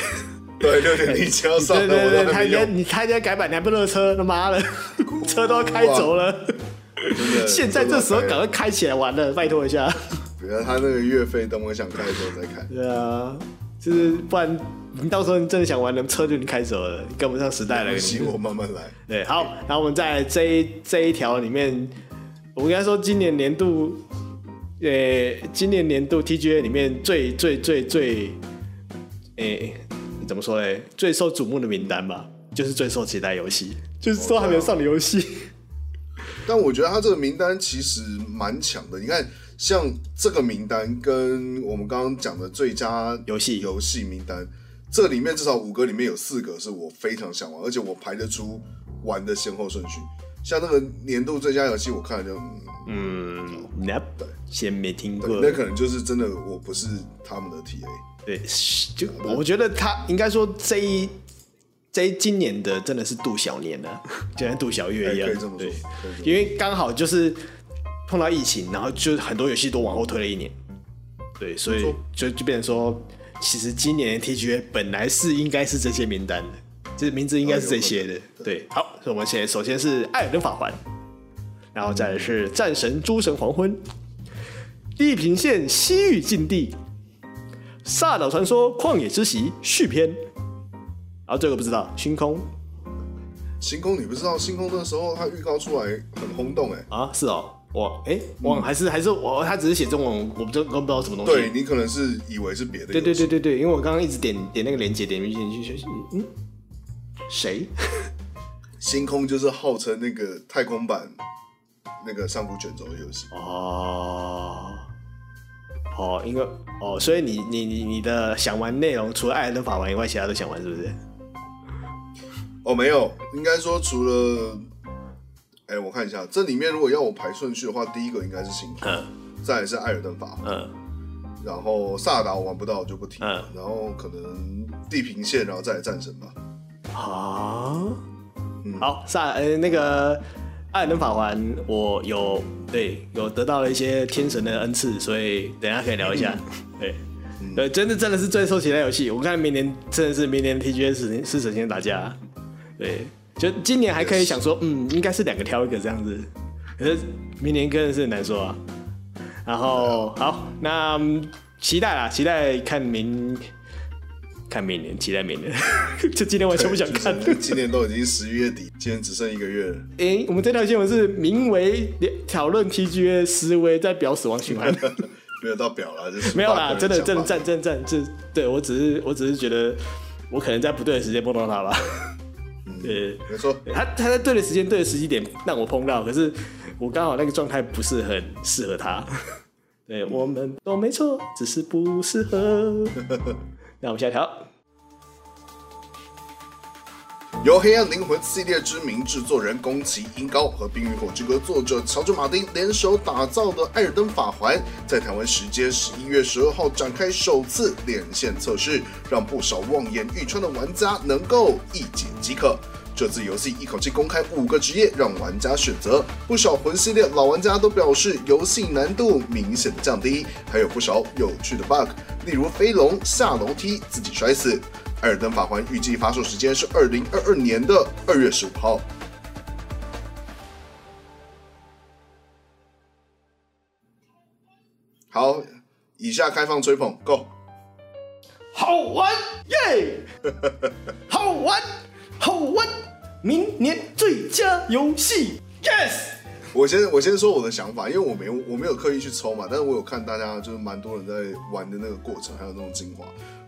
對，六點零就要上。對對對，台台，你台台改版，你還不熱車？他媽的，車都要開走了。現在這時候趕快開起來玩了，拜託一下。不要，他那個月費等我想開的時候再看。對啊，就是不然你到時候你真的想玩，那車就已經開走了，跟不上時代了。行，我慢慢來。對，好，然後我們在這一這一條裡面，我們應該說今年年度。呃、欸，今年年度 TGA 裡面最最最最，誒、欸、怎麼說呢？最受矚目的名單吧，就是最受期待遊戲，就是說還沒有上的遊戲。但我覺得他這個名單其實蠻強的。 你看，像這個名單跟我們剛剛講的最佳遊戲遊戲名單，戲這裡面至少五個裡面有四個是我非常想玩，而且我排得出玩的先後順序。像那個年度最佳遊戲，我看就嗯好，Neb Nope. 先沒聽過，那可能就是真的，我不是他們的 T A。對，就我覺得他應該說這一、嗯、這一今年的真的是杜小年的，啊，就像杜小月一樣，欸、對，對對因為剛好就是碰到疫情，然後就很多遊戲都往後推了一年。對，所以就就變成說，其實今年的 T G A 本來是應該是這些名單的，這、就是、名字應該是這些的。對，好，所以我們現在首先是《艾爾登法環》，然後再是《戰神諸神黃昏》。地平線西域禁地、薩島傳說、曠野之息續篇，然、啊、後這個不知道星空。星空你不知道星空的時候，它預告出來很轟動哎、欸、啊是哦，哇，哎，哇，還是還是我他只是寫中文，我不知我不知道什麼東西。對，你可能是以為是別的遊戲，對對對對對，因為我剛剛一直點點那個連結，點進去去學習。嗯，誰？ 星空就是號稱那個太空版那個上古卷軸的遊戲啊。哦，因為哦，所以你你你你的想玩內容，除了艾爾登法環以外，其他都想玩是不是？哦，沒有，應該說除了，哎、欸，我看一下這裡面，如果要我排順序的話，第一個應該是星星《行騙、嗯》，再來是《艾爾登法環》，嗯，然後《薩達》我玩不到我就不提，嗯，然後可能《地平線》，然後再來《戰神》吧。啊，嗯、好，薩，哎、呃，那個。艾爾登法環，我有對有得到了一些天神的恩賜，所以等一下可以聊一下。嗯、對，呃、嗯，真的真的是最受期待的遊戲，我看明年真的是明年 TGS 是神仙打架。對，就今年還可以想說，嗯，嗯，應該是兩個挑一個這樣子。可是明年真的是很難說啊。然後、嗯、好，那期待啦，期待看明。看明年，期待明年。 就今天完全不想看了。就是、今年都已經十一月底，今年只剩一個月了。哎、欸，我們這條新聞是名為“討論 TGA 思維在表死亡循環”， 沒有到表了，就是沒有啦。真的，真的，讚，讚，讚，讚。對，我只是，我只是覺得，我可能在不對的時間碰到他了。 對，嗯、沒錯。他他在對的時間，對的時機點讓我碰到，可是我剛好那個狀態不是很適合他。對 我們都沒錯，只是不適合。 那我們下一條。由《黑暗靈魂》系列知名制作人宮崎英高和《冰與火之歌》作者喬治·馬丁聯手打造的《艾爾登法環》，在台灣時間十一月十二號展開首次連線測試，讓不少望眼欲穿的玩家能夠一解飢渴。這次遊戲一口氣公開五個職業，讓玩家選擇。不少魂系列老玩家都表示，遊戲難度明顯降低，還有不少有趣的 bug，例如飛龍下樓梯自己摔死。《艾爾登法環》預計發售時間是二零二二年的二月十五號。好，以下開放吹捧，Go！好玩耶，好玩。Yeah! 好玩好玩，明年最佳遊戲，Yes。我先我先說我的想法，因為我沒我沒有刻意去抽嘛，但是我有看大家就是蠻多人在玩的那個過程，還有那種精華，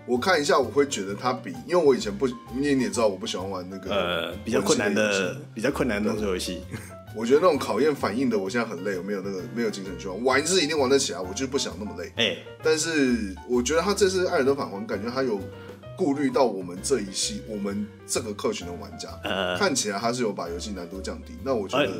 我看一下我會覺得它比，因為我以前不，明年你也知道我不喜歡玩那個呃比較困難的，的比較困難的那種遊戲，我覺得那種考驗反應的，我現在很累，我沒有那個沒有精神去玩，玩一是一定玩得起啊，我就不想那麼累。哎、欸，但是我覺得它這次艾爾登法環感覺它有。顧慮到我們這一系，我們這個客群的玩家、嗯、看起來他是有把遊戲難度降低，嗯、那我覺得就、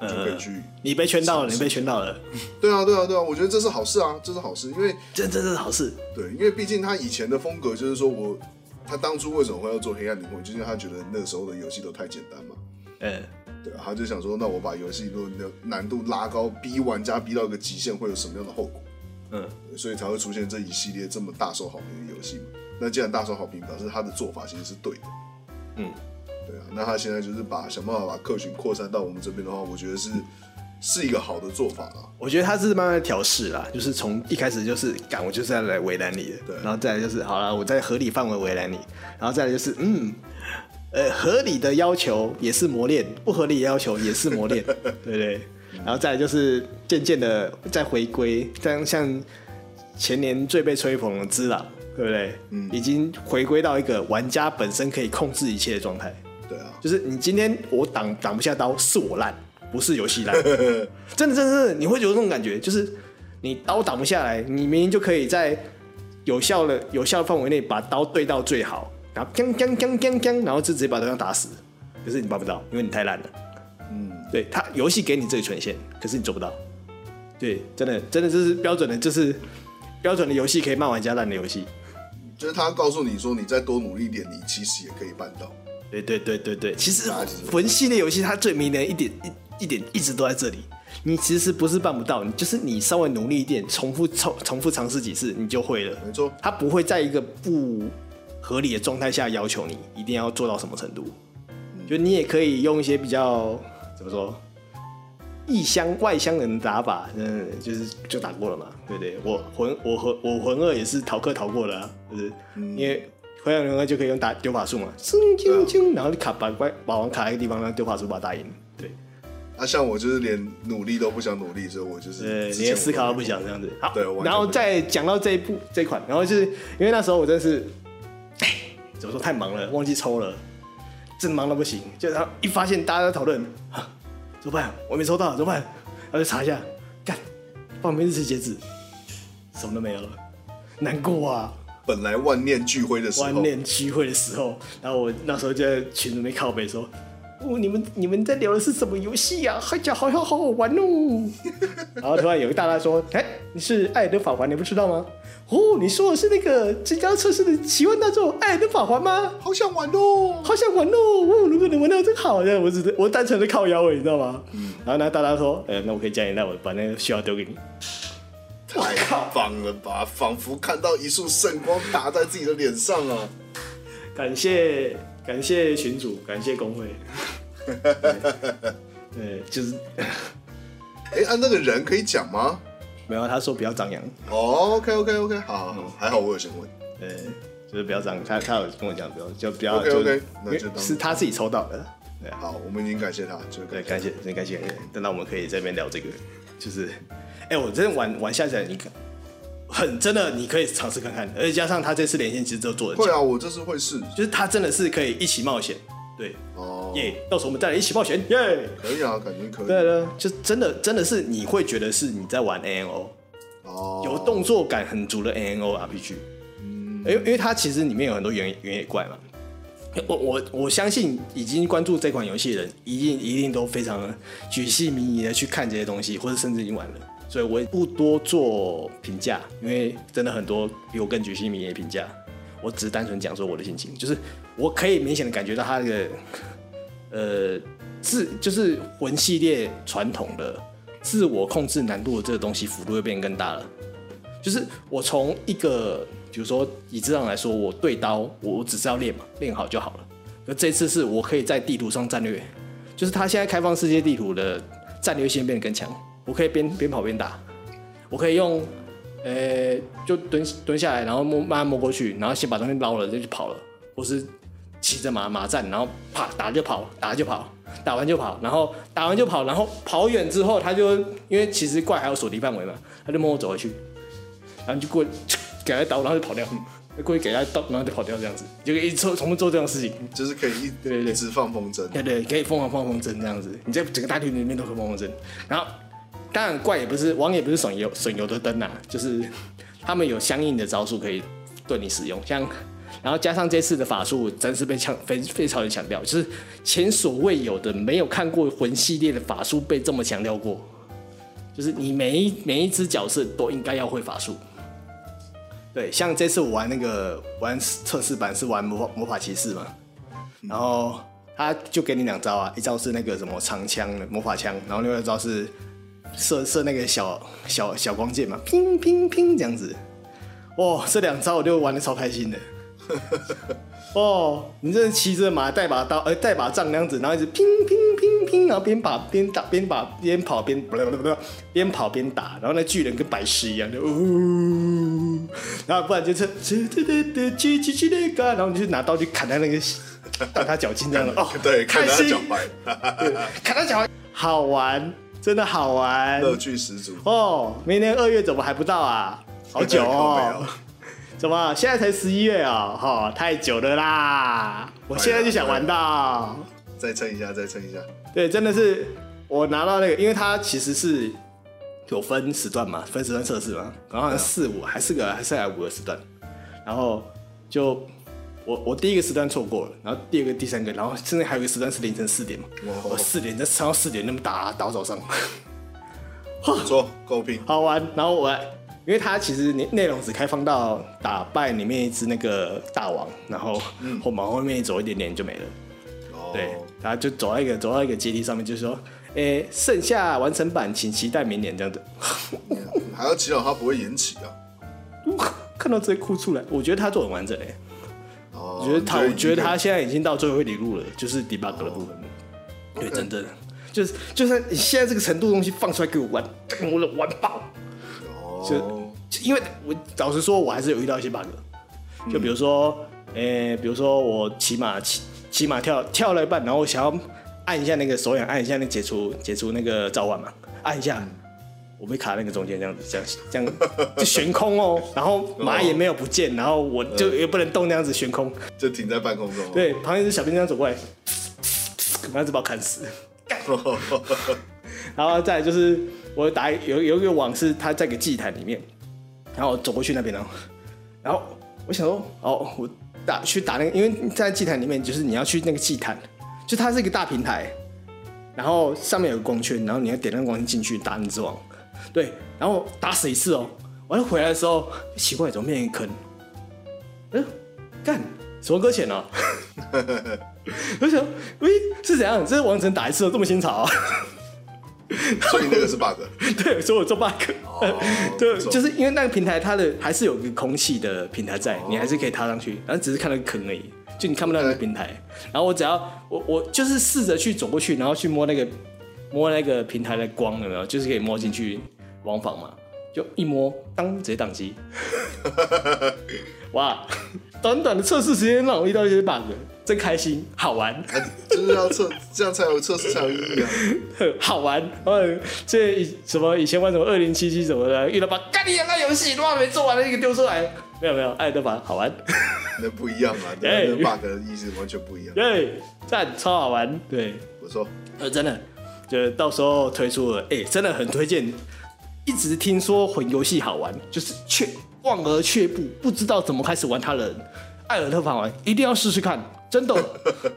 嗯、可以去。你被圈到了，你被圈到了、嗯。對啊，對啊，對啊，我覺得這是好事啊，這是好事，因為這這是好事。對，因為畢竟他以前的風格就是說我，我他當初為什麼會要做《黑暗靈魂》，就是因為他覺得那時候的遊戲都太簡單嘛。嗯、對他就想說，那我把遊戲如果難度拉高，逼玩家逼到一個極限，會有什麼樣的後果？嗯，所以才會出現這一系列這麼大受好評的遊戲嘛。那既然大受好評，表示他的做法其實是對的。嗯，對啊。那他現在就是把想辦法把客群擴散到我們這邊的話，我覺得是是一個好的做法啊。我覺得他是慢慢調試啦，就是從一開始就是“幹我就是要來為難你的”，對。然後再來就是“好了，我在合理範圍為難你”，然後再來就是“嗯，呃，合理的要求也是磨練，不合理的要求也是磨練， 對，對對。”然後再來就是漸漸的再回歸，這樣像像前年最被吹捧的隻狼。對不對？嗯，已經回歸到一個玩家本身可以控制一切的狀態。對啊，就是你今天我擋擋不下刀，是我爛，不是遊戲爛 真的。真的，真的，你會有這種感覺，就是你刀擋不下來，你明明就可以在有效的有效的範圍內把刀對到最好，然後鏘鏘鏘鏘鏘，然後就直接把對方打死。可是你辦不到，因為你太爛了。嗯，對，他遊戲給你這個權限，可是你做不到。對，真的，真的就是標準的，就是標準的遊戲可以罵玩家爛的遊戲。就是他告訴你說，你再多努力一點，你其實也可以辦到。對對對對對，其實魂系列遊戲它最迷人一點一一,一點一直都在這裡。你其實不是辦不到，你就是你稍微努力一點，重複重重複嘗試幾次，你就會了。沒錯。他不會在一個不合理的狀態下要求你一定要做到什麼程度，嗯、就你也可以用一些比較怎麼說異鄉外鄉人的打法，嗯，就是就打過了嘛。對對，我魂、嗯，我魂，我魂二也是逃課逃過了、啊、就是？嗯、因為回二人呢就可以用打丟法術嘛，叮叮對啊、然後你卡把關，把王卡一個地方，讓丟法術把他打贏。對，那、啊、像我就是連努力都不想努力，所以我就是呃，連思考都不想這樣子。好，對，我然後再講到這一步，這一款，然後就是因為那時候我真是，哎，怎麼說？太忙了，忘記抽了，真的忙的不行，就然後一發現大家都在討論、啊，怎麼辦？我沒抽到，怎麼辦？要去查一下。放鞭日期截止，什麼都沒有了，難過啊！本來萬念俱灰的時候，萬念俱灰的時候，然後我那時候就在群裡面靠北說。哦、你們你們在聊的是什麼遊戲呀？還講好好好好，好好玩哦！ 然後突然有個大大說：“哎、欸，你是艾爾登法環，你不知道嗎？”哦，你說的是那個即將測試的奇幻大作《艾爾登法環》嗎？好想玩哦，好想玩哦！哦，如果能玩到真好，現在我只是我單純的靠腰而已，你知道嗎？嗯。然後那大大說：“哎、欸，那我可以加你，那我把那個需要丟給你。”太棒了吧！靠仿佛看到一束聖光打在自己的臉上啊！感謝。感謝群主，感謝公會。對， 對就是。哎、欸，按、啊、那個人可以講嗎？沒有，他說不要張揚。Oh, OK，OK，OK，、okay, okay, okay, 好，嗯、還好我有先問。對，就是不要張揚。他他有跟我講，不要就不要。Okay, okay, 就，就是他自己抽到的。對，好，我們已經感謝他，就是感謝對，感謝。等到、嗯、我們可以在這邊聊這個，就是，哎、欸，我真的玩玩下載，你看。很真的，你可以嘗試看看，而且加上他這次連線其實都做的。對啊，我這次會試，就是他真的是可以一起冒險，對哦耶！Yeah, 到時候我們再來一起冒險耶，yeah! 可以啊，肯定可以。對了，就真的真的是你會覺得是你在玩 MMO，哦，有動作感很足的 MMORPG，嗯，因因為他其實裡面有很多原原野怪嘛，我我我相信已經關注這款遊戲的人一定一定都非常舉棋迷你的去看這些東西，或者甚至已經玩了。所以我不多做評價，因為真的很多比我更決心、明眼評價。我只是單純講說我的心情，就是我可以明顯的感覺到他的個呃自，就是魂系列傳統的自我控制難度的這個東西幅度會變更大了。就是我從一個比如說以子上來說，我對刀我只是要練嘛，練好就好了。可這次是我可以在地圖上戰略，就是他現在開放世界地圖的戰略性變得更強。我可以邊邊跑邊打，我可以用，呃、欸，就蹲蹲下來，然後摸慢慢摸過去，然後先把東西撈了，就去跑了，或是騎着馬馬戰，然後啪打了就跑，打了就跑，打完就跑，然後打完就跑，然後跑遠之後，他就因為其實怪還有鎖敵範圍嘛，他就默默走回去，然後你就過去給他刀，然後就跑掉呵呵，過去給他刀，然後就跑掉這樣子，就可以一直做重複做這樣的事情，就是可以一一直放風箏，對，對對，可以瘋狂放風箏這樣子，你在整個大廳裡面都可以放風箏，然後。當然怪也不是，王也不是省油省油的燈啊，就是他們有相應的招數可以對你使用。像，然後加上這次的法術，真是被強非非常強調，就是前所未有的沒有看過魂系列的法術被這麼強調過，就是你每一每一隻角色都應該要會法術。對，像這次我玩那個玩測試版是玩魔法魔法騎士嘛，然後他就給你兩招啊，一招是那個什麼長槍的魔法槍，然後另外一招是，射射那個小小小光劍嘛，拼，拼拼這樣子，哦，這兩招我就玩得超開心的。 哦，你這騎着馬帶把刀，呃，帶把杖那樣子，然後一直拼拼拼拼，然後邊把邊打，邊把邊，邊跑邊不不不邊跑邊打，然後那巨人跟白痴一樣的，哦、呃，然後不然就這這這這去去去那個， 然後你就拿刀就砍他那個砍他腳筋這樣 哦，對，心對，砍他腳踝，砍他腳踝，好玩。真的好玩，樂趣十足哦！明年二月怎麼還不到啊？好久哦，還還哦 怎麼現在才十一月哦，哦？太久了啦！哎、呀我現在就想玩到，哎哎、再撐一下，再撐一下。對，真的是我拿到那個，因為它其實是有分時段嘛，分時段測試嘛，然後四五還是個還是五個時段，然後就。我我第一個時段錯過了，然後第二個、第三個，然後現在還有一個時段是凌晨四點嘛？我、哦哦、四點在上到四點，那麼大，打早上。說夠拼好玩。然後我，因為他其實內內容只開放到打敗裡面一隻那個大王，然後後後後面一走一點點就沒了。嗯、對，然後就走到一個走到一個階梯上面，就是說，哎、欸，剩下完成版，請期待明年這樣子。 還要祈禱他不會延期啊！看到直接哭出來。我覺得他做很完整哎。我覺得他，我覺得他現在已經到最後一里路了，就是 debug 的部分，oh. 對，真正的 Okay. 就是，就算你現在這個程度的東西放出來給我玩，我都玩爆，oh. 就。就因為我老實說，我還是有遇到一些 bug，就比如說，誒、嗯欸，比如說我騎馬騎騎馬跳跳了一半，然後我想要按一下那個手眼，按一下那解除解除那個召喚嘛，按一下。我被卡在那個中間，這樣子，這樣，這樣就懸空哦。然後馬也沒有不見，哦、然後我就也不能動，那樣子懸空、呃，就停在半空中、哦。對，旁邊是小兵這樣走過來，一下子把我砍死。哦、 然後再就是我打有有一個網是他在個祭壇裡面，然後我走過去那邊呢，然後我想說哦，我打去打那個，因為在祭壇裡面就是你要去那個祭壇，就它是一個大平台，然後上面有個光圈，然後你要點亮光圈進去打那只網。對，然後打死一次哦。完了回來的時候，奇怪，怎麼變成坑？嗯，幹，什麼擱淺了、哦？ 我想，喂，是怎樣？這是完成打一次哦，這麼新潮啊、哦！所以你那個是 bug， 對，所以我做 bug。Oh, 對，錯就是因為那個平台，它的還是有一個空氣的平台在，你還是可以踏上去，然後只是看到坑而已，就你看不到那個平台。Okay. 然後我只要我我就是試着去走過去，然後去摸那個。摸那個平台的光有沒有？就是可以摸進去，往返嘛，就一摸，當直接宕機。 哇，短短的測試時間讓我遇到一些 bug，真開心，好玩。啊、就是要測， 這樣才有測試才有意義啊。好玩，這、嗯、什麼以前玩什麼二零七七什麼的，遇到把乾爹、啊、那遊戲都還沒做完了就給丟出來。沒有沒有，愛的吧，好玩。 那不一樣嘛，對、欸、bug 的意思完全不一樣。耶、欸，讚、欸，超好玩。對，不錯，我說。呃、啊，真的。就到時候推出了，哎、欸，真的很推薦。一直聽說魂遊戲好玩，就是卻望而卻步，不知道怎麼開始玩他。他人艾爾登法環玩，一定要試試看，真的讚！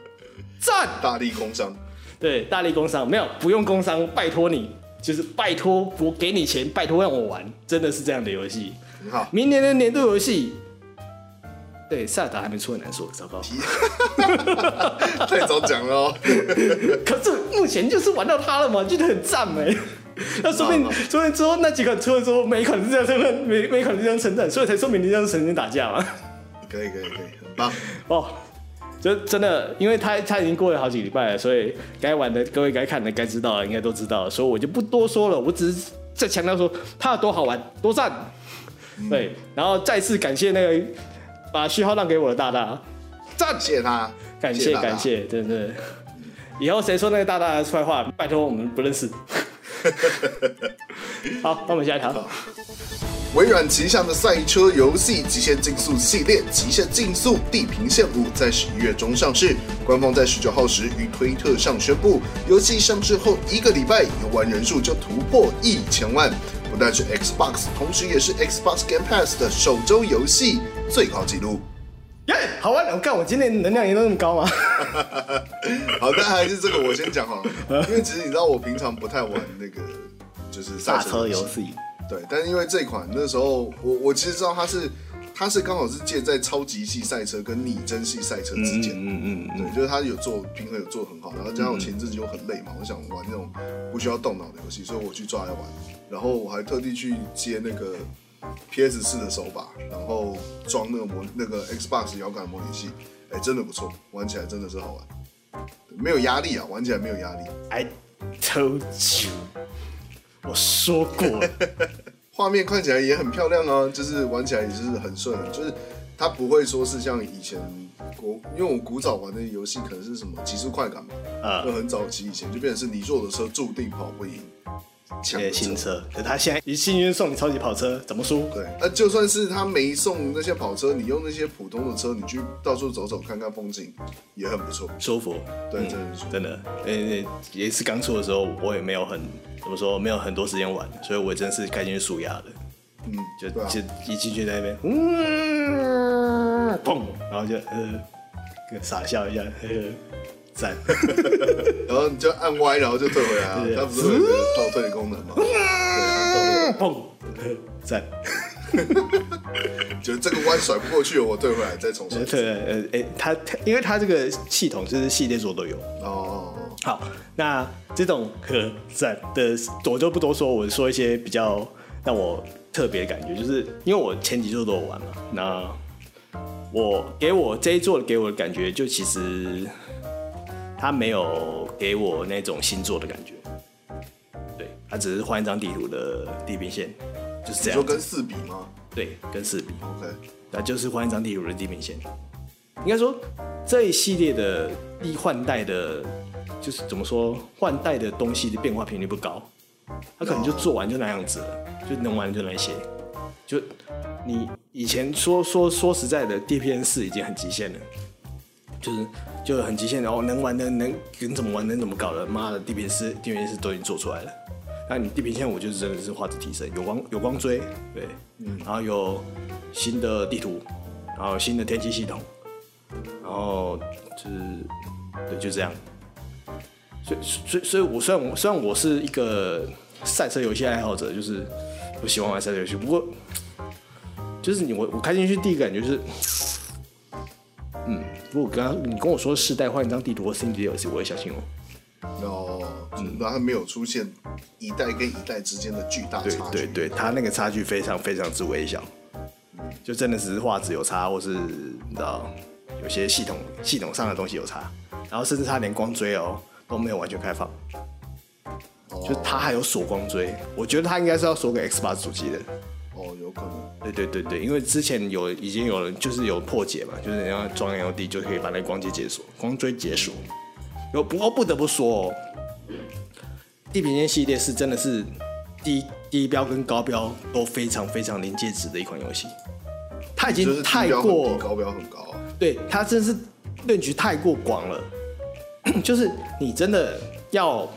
讚大力工商對，大力工商沒有不用工商，拜託你，就是拜託我給你錢，拜託讓我玩，真的是這樣的遊戲。好，明年的年度遊戲。對，塞爾達還沒出，很難說，糟糕， 太早講了喔。 可是目前就是玩到它了嘛，覺得很讚哎 嗎。那說明，說明之後那幾款出了之後，每一款都這，這樣成長，每每一款都這樣成長，所以才說明你這樣曾經打架嘛。 可以，可以，可以。很棒哦，oh, 就真的，因為它它已經過了好幾禮拜了，所以該玩的各位、該看的、該知道的應該都知道，所以我就不多說了，我只是在強調說它有多好玩、多讚。嗯、對，然後再次感謝那個。把序號讓給我的大大，贊謝他！感謝感謝，真謝對，對，對，以後誰說那個大大的壞話，拜託我們不認識。好，我們下一條。 一條，微軟旗下的賽車遊戲《極限競速》系列，《極限競速：地平線五》在十一月中上市。官方在十九號時於推特上宣布，遊戲上市後一個禮拜遊玩人數就突破一千萬，不但是 Xbox，同時也是 Xbox Game Pass 的首周遊戲。最高記錄，耶！Yeah, 好玩！我看我今天能量也都那麼高嗎？ 好，但還是這個我先講好了， 因為其實你知道我平常不太玩那個就是賽車遊戲，對。但是因為這款那時候我我其實知道它是它是剛好是介在超級系賽車跟擬真系賽車之間，嗯，嗯嗯嗯，對，就是它有做平衡有做很好。然後加上我前陣子又很累嘛，嗯、我想玩那種不需要動腦的遊戲，所以我去抓來玩。然後我還特地去接那個。PS 四的手把，然後裝那個模那個 Xbox 搖桿模擬器，哎、欸，真的不錯，玩起來真的是好玩，沒有壓力啊，玩起來沒有壓力。I told you，我說過畫 面看起來也很漂亮啊，就是玩起來也是很順、啊，就是它不會說是像以前古，因為我古早玩的遊戲可能是什麼極速快感嘛，啊，uh. 就很早期以前就變成是你坐我的車注定跑不贏。這些、欸、新車，可他現在一幸運送你超級跑車，怎麼輸？對，那、呃、就算是他沒送那些跑車，你用那些普通的車，你去到處走走看看風景，也很不錯，舒服。對，嗯、真的舒服。真的，也是剛出的時候，我也沒有很怎麼說，沒有很多時間玩，所以我真的是開心數鴨了。嗯，就就一進去在那邊，砰，然後就呃，傻笑一下，呵呵讚，讚 然後你就按 Y，然後就退回來了、啊。它 對對 不是，個是倒退的功能嗎？讚，就、啊、是 這個彎甩不過去，我退回來再重新。對，對，對，呃，哎，它因為它這個系統就是系列作都有。哦，好，那這種可讚的我就不多說，我說一些比較讓我特別的感覺，就是因為我前幾作都有玩嘛。那我給我這一作給我的感覺就其實。它沒有給我那種新作的感覺，對，它只是換一張地圖的地平線，就是這樣。就跟四比嗎？對，跟四比。OK，那就是換一張地圖的地平線。應該說這一系列的地換代的，就是怎麼說換代的東西的變化頻率不高，它可能就做完就那樣子了，No. 就能玩就那些。就你以前說說說實在的，D P N 四已經很極限了。.就是就很極限，然後，哦，能玩的能，能，能，能怎麼玩能怎麼搞的，媽的地平線地平線都已經做出來了。那你地平線我就是真的是畫質提升，有光有光追，對，嗯，然後有新的地圖，然後新的天氣系統，然後就是對，就這樣。所以所以所以我雖然我雖然我是一個賽車遊戲愛好者，就是我喜歡玩賽車遊戲，不過就是你我我開進去第一個感覺就是嗯，不過剛剛你跟我說世代換一張地圖或升級有些我也相信哦。哦，嗯，然後它沒有出現一代跟一代之間的巨大差距、嗯，對對對，它那個差距非常非常之微小，嗯，就真的只是畫質有差，或是你知道有些系統系統上的東西有差，然後甚至它連光追哦都沒有完全開放，哦，就它還有鎖光追，我覺得它應該是要鎖給 Xbox 主機的。有可能，對對對對，因為之前有已經有人就是有破解嘛，就是人家裝 L D 就可以把那光追解鎖，光追解鎖。有、嗯，不過、哦、不得不說哦，《地平線》系列是真的是低低標跟高標都非常非常臨界值的一款遊戲，它已經太過高標很高、啊對。對它真是論局太過廣了， 就是你真的要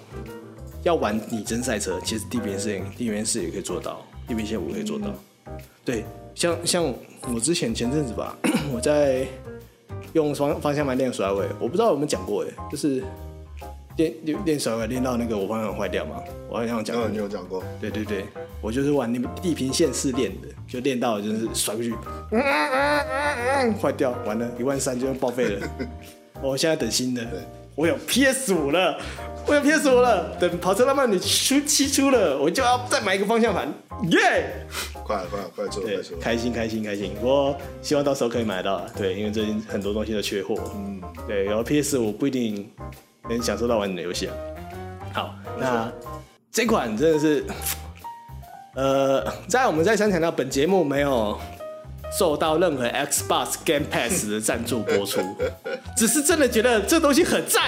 要玩擬真賽車，其實地《地平線》《地平線四》也可以做到。地平線五可以做到，嗯、對，像像我之前前陣子吧，我在用方方向盤練甩尾，我不知道有沒有講過的，就是練練甩尾練到那個我方向壞掉嘛，我好像有講過，你有講過，對對對，我就是玩那地平線四練的，就練到就是甩過去，嗯嗯嗯嗯壞掉，完了一萬三就要報廢了， 我現在等新的。對我有 PS 五了，我有 PS 五了。等《跑車浪漫旅》出七出了，我就要再買一個方向盤，耶、yeah!！快了，快了，快了，對，說開心，開心，開心！我希望到時候可以買到。對，因為最近很多東西都缺貨。嗯，對，然後 PS 五不一定能享受到玩你的遊戲啊。好，那、啊、這款真的是， 呃，在我們在想講到本節目沒有。受到任何 Xbox Game Pass 的贊助播出，只是真的覺得這東西很讚。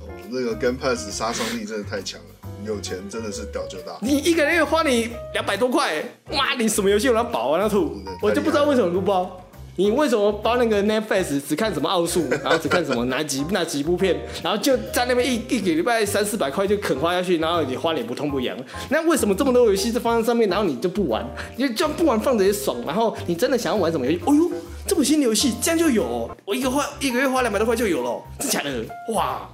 哦，那個 Game Pass 殺傷力真的太強了，有錢真的是屌就大。你一個月花你兩百多塊，哇，你什麼遊戲我要包啊？那土，我就不知道為什麼不包。你為什麼包那個 Netflix 只看什麼奧數，然後只看什麼哪幾那幾部片，然後就在那邊一一個禮拜三四百塊就肯花下去，然後你花臉不痛不癢。那為什麼這麼多遊戲都放在上面，然後你就不玩？你就不玩放着也爽。然後你真的想要玩什麼遊戲？哦呦，這麼新的遊戲這樣就有哦！我一個花一個月花兩百多塊就有了哦，真假的？哇，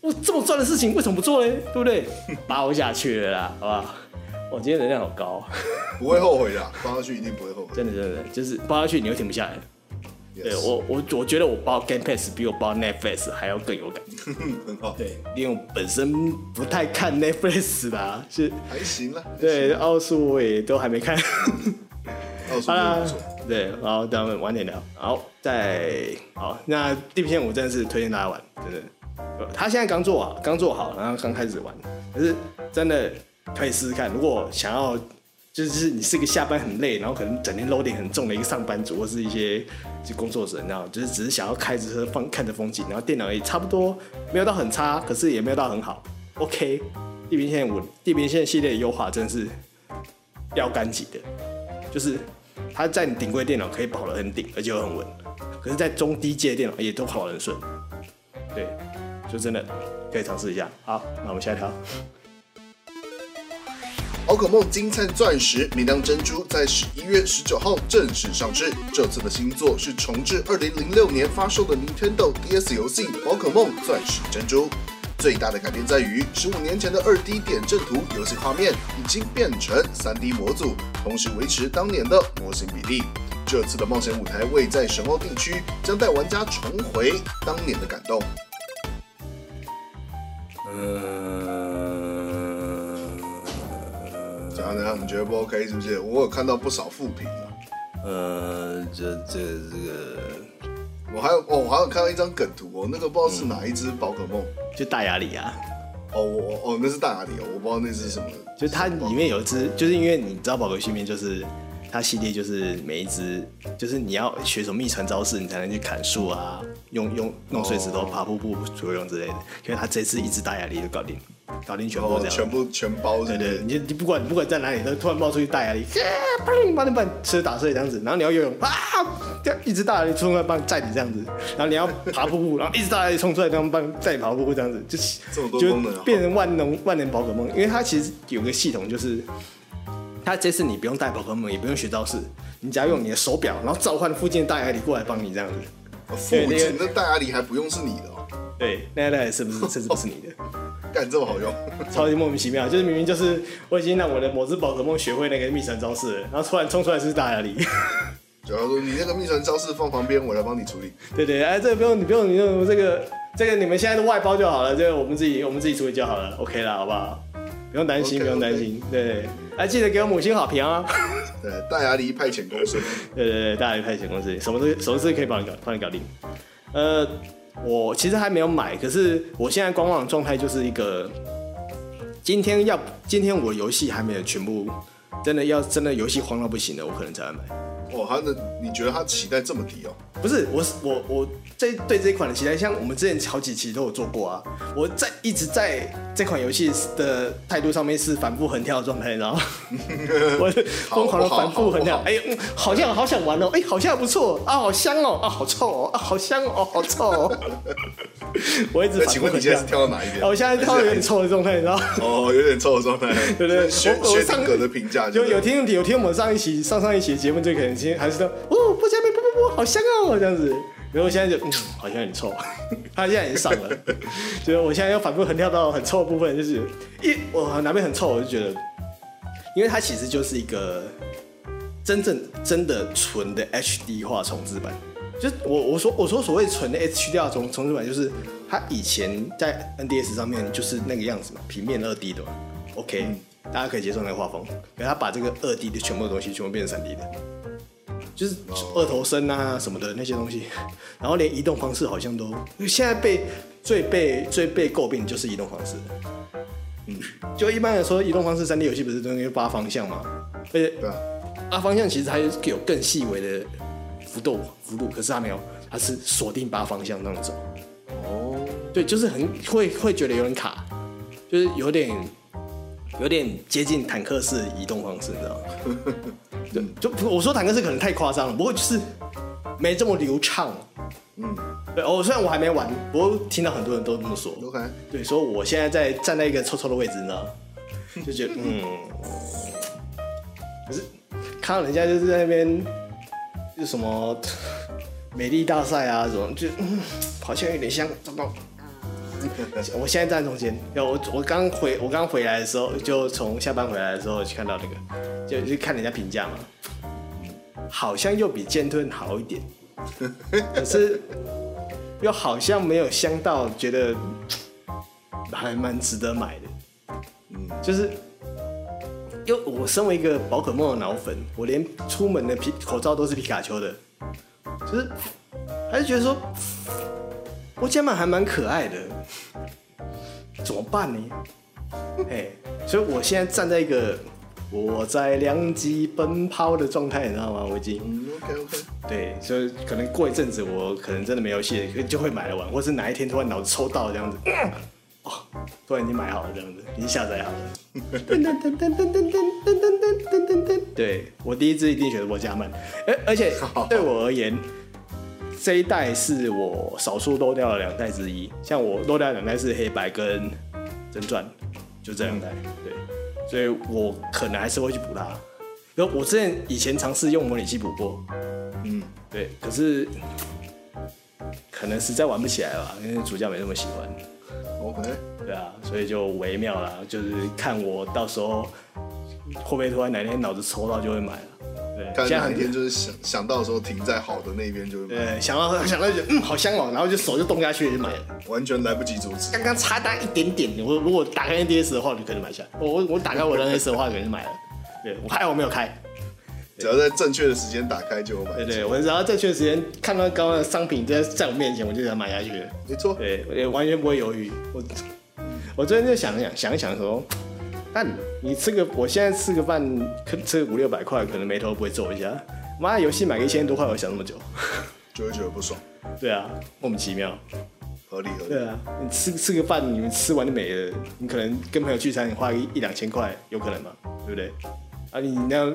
我這麼賺的事情為什麼不做嘞？對不對？包下去了啦，好不好？我，哦、今天能量好高，不會後悔的， 包上去一定不會後悔。真的真的，就是包下去你又停不下來。Yes. 對，我我我覺得我包 Game Pass 比我包 Netflix 還要更有感覺。 很好。對，因為我本身不太看 Netflix 啦，是還行啦。行啦對，奧數我也都還沒看。奧 數、 啊、對，然後咱們晚點聊。好，再好，那地平線，我真的是推薦大家玩，真的。他現在剛做啊，剛做好，然後剛開始玩，可是真的。可以試試看，如果想要，就是你是一個下班很累，然後可能整天 loading 很重的一個上班族，或是一些就工作者，然後就是只是想要開着車放看着風景，然後電腦也差不多沒有到很差，可是也沒有到很好。OK，地平線穩，地平線系列優化真是標杆級的，就是它在你頂規電腦可以跑得很頂，而且又很穩，可是在中低階電腦也都跑得很順。對，說真的可以嘗試一下。好，那我們下一條。寶可夢晶燦鑽石、明亮珍珠在十一月十九號正式上市。這次的新作是重置二零零六年發售的 Nintendo DS 遊戲《寶可夢鑽石、珍珠》。最大的改變在於，十五年前的二 D 點陣圖遊戲畫面已經變成三 D 模組，同時維持當年的模型比例。這次的冒險舞台位在神奧地區，將帶玩家重回當年的感動。呃。你覺得不 OK 是不是？我有看到不少負評嘛、啊。呃、嗯，這這這個，我還有，哦，我還有看到一張梗圖，哦，那個不知道是哪一隻寶可夢、嗯，就大牙狸啊。哦，我我哦，那是大牙狸哦，我不知道那是什麼。就它裡面有一隻，就是因為你知道寶可夢裡面就是。它系列就是每一隻，就是你要學什麼秘傳招式，你才能去砍樹啊，用用弄碎石頭、爬瀑布、游泳之類的。因為它這次一隻大牙狸就搞定、哦，搞定全，全部這樣。全部全包的，對，對，對。你你不管你不管在哪裡，它突然冒出去大牙狸，啪！把你把車打碎這樣子，然後你要游泳啊，掉一隻大牙狸衝出來幫你載你這樣子，然後你要爬瀑布， 然後一隻大牙狸衝出來幫幫你爬瀑布這樣子，就就變成萬能棒萬能寶可夢。因為它其實有個系統就是。他這次你不用帶寶可夢，也不用學招式，你只要用你的手表，然後召喚附近的大牙狸過來幫你這樣子。我附近那大牙狸還不用是你的？哦？對，那那是不是甚至不是你的？幹、哦、這麼好用，超級莫名其妙，就是明明就是我已經讓我的某隻寶可夢學會那個秘傳招式了，然後突然衝出來是大牙狸。假如說你那個秘傳招式放旁邊，我來幫你處理。對對，哎、欸，這個不用你不用你用這個這個你們現在的外包就好了，就、這個、我們自己我們自己處理就好了，OK 啦，好不好？不用擔心 OK, 不用擔心，OK 對，對，對。還、啊、記得給我母親好評啊！對，大牙梨派遣公司。對對對，大牙梨派遣公司，什麼事，什麼事可以幫你搞，幫你搞定？呃，我其實還沒有買，可是我現在觀望狀態就是一個，今天要今天我遊戲還沒有全部，真的要真的遊戲慌到不行了，我可能才會買。哦，他的你覺得他期待這麼低哦？不是，我是我我這對這一款的期待，像我們之前好幾期都有做過啊。我在一直在這款遊戲的態度上面是反覆橫跳的狀態，然後我瘋狂的反覆橫跳。哎，好像好想玩哦，哎，好像不錯啊，好香哦，啊，好臭哦，啊，好香哦，好臭哦。我一直反復橫跳。請問你現在是跳到哪一邊？我現在跳有點臭的狀態，然後哦，有點臭的狀態，對不對？學學上個的評價就有聽有聽我們上一期，上上一期節目就可以還是說，哦，不加倍不，不不不，好香哦，這樣子。然後我現在就，嗯，好像很臭。 他現在已經上了，所以我現在要反覆橫跳到很臭的部分，就是一我，哦，哪邊很臭，我就覺得，因為它其實就是一個真正真的純的 HD 畫重置版。就是我我說我說所謂的純的 HD 畫重重置版，就是他以前在 NDS 上面就是那個樣子嘛，平面二 D 的嘛。OK，嗯，大家可以接受那個畫風，然後他把這個二 D 的全部的東西全部變成三 D 的。就是二頭身啊什麼的那些東西，然後連移動方式好像都現在被最被最被詬病，就是移動方式，嗯，就一般來說移動方式三 D 遊戲不是都用八方向嘛？而且八方向其實還有更細微的幅度幅度，可是它沒有，它是鎖定八方向那種走。哦，對，就是很會會覺得有點卡，就是有點。有點接近坦克式移動方式，你知道嗎？對， 就我說坦克式可能太誇張了，不過就是沒這麼流暢。嗯，對，哦，雖然我還沒玩，不過聽到很多人都這麼說。Okay. 對，所以我現在在站在一個臭臭的位置，你知道嗎？就覺得，嗯， 可是看到人家就是在那邊，就什麼美麗大賽啊，什麼就、嗯、好像有點像， 我現在站中間，要我我剛回我剛回來的時候，就從下班回來的時候就看到那個，就就看人家評價嘛，好像又比劍盾好一點，可是又好像沒有香到，覺得還蠻值得買的，嗯，就是又我身為一個寶可夢的腦粉，我連出門的皮口罩都是皮卡丘的，就是還是覺得說。我家門還蠻可愛的，怎麼辦呢？哎， hey, 所以我現在站在一個我在兩極奔跑的狀態，你知道嗎？我已經，嗯，OK OK。對，所以可能過一陣子，我可能真的沒遊戲了，可就會買來玩，或是哪一天突然腦子抽到這樣子、嗯，哦，突然已經買好了這樣子，已經下載好了。噔噔噔噔噔噔噔噔噔噔噔噔。對我第一次一定選擇我家門、欸，而且好好好對我而言。這一代是我少數漏掉了兩代之一，像我漏掉兩代是黑白跟珍鑽，就這兩代，對，所以我可能還是會去補它。我之前以前嘗試用模擬器補過，嗯，對，可是可能實在玩不起來吧，因為主角沒那麼喜歡。我可能，對啊，所以就微妙啦，就是看我到時候會不會突然哪天腦子抽到就會買。這兩天就是想想到的時候停在好的那邊就，呃，想到想到就嗯好香哦，然後就手就動下去就買了，嗯，完全來不及阻止，剛剛差單一點點，我如果打開 NDS 的話就可以買下，我我我打開我 NDS 的話也可以買了，對我還好沒有開，只要在正確的時間打開就買了對，對對我只要正確的時間看到剛剛的商品在在我面前我就想買下去了，沒錯，對，我也完全不會猶豫，我我昨天就想了想想一想的時候。但你吃個，我現在吃個飯，吃個五六百塊，可能眉頭不會皺一下。買個遊戲買個一千多塊，我想那麼久，九十九不爽。對啊，莫名其妙，合理。合理。對啊，你吃吃個飯，你們吃完就沒了。你可能跟朋友聚餐，你花一一兩千塊，有可能嘛，對不對？啊，你那樣，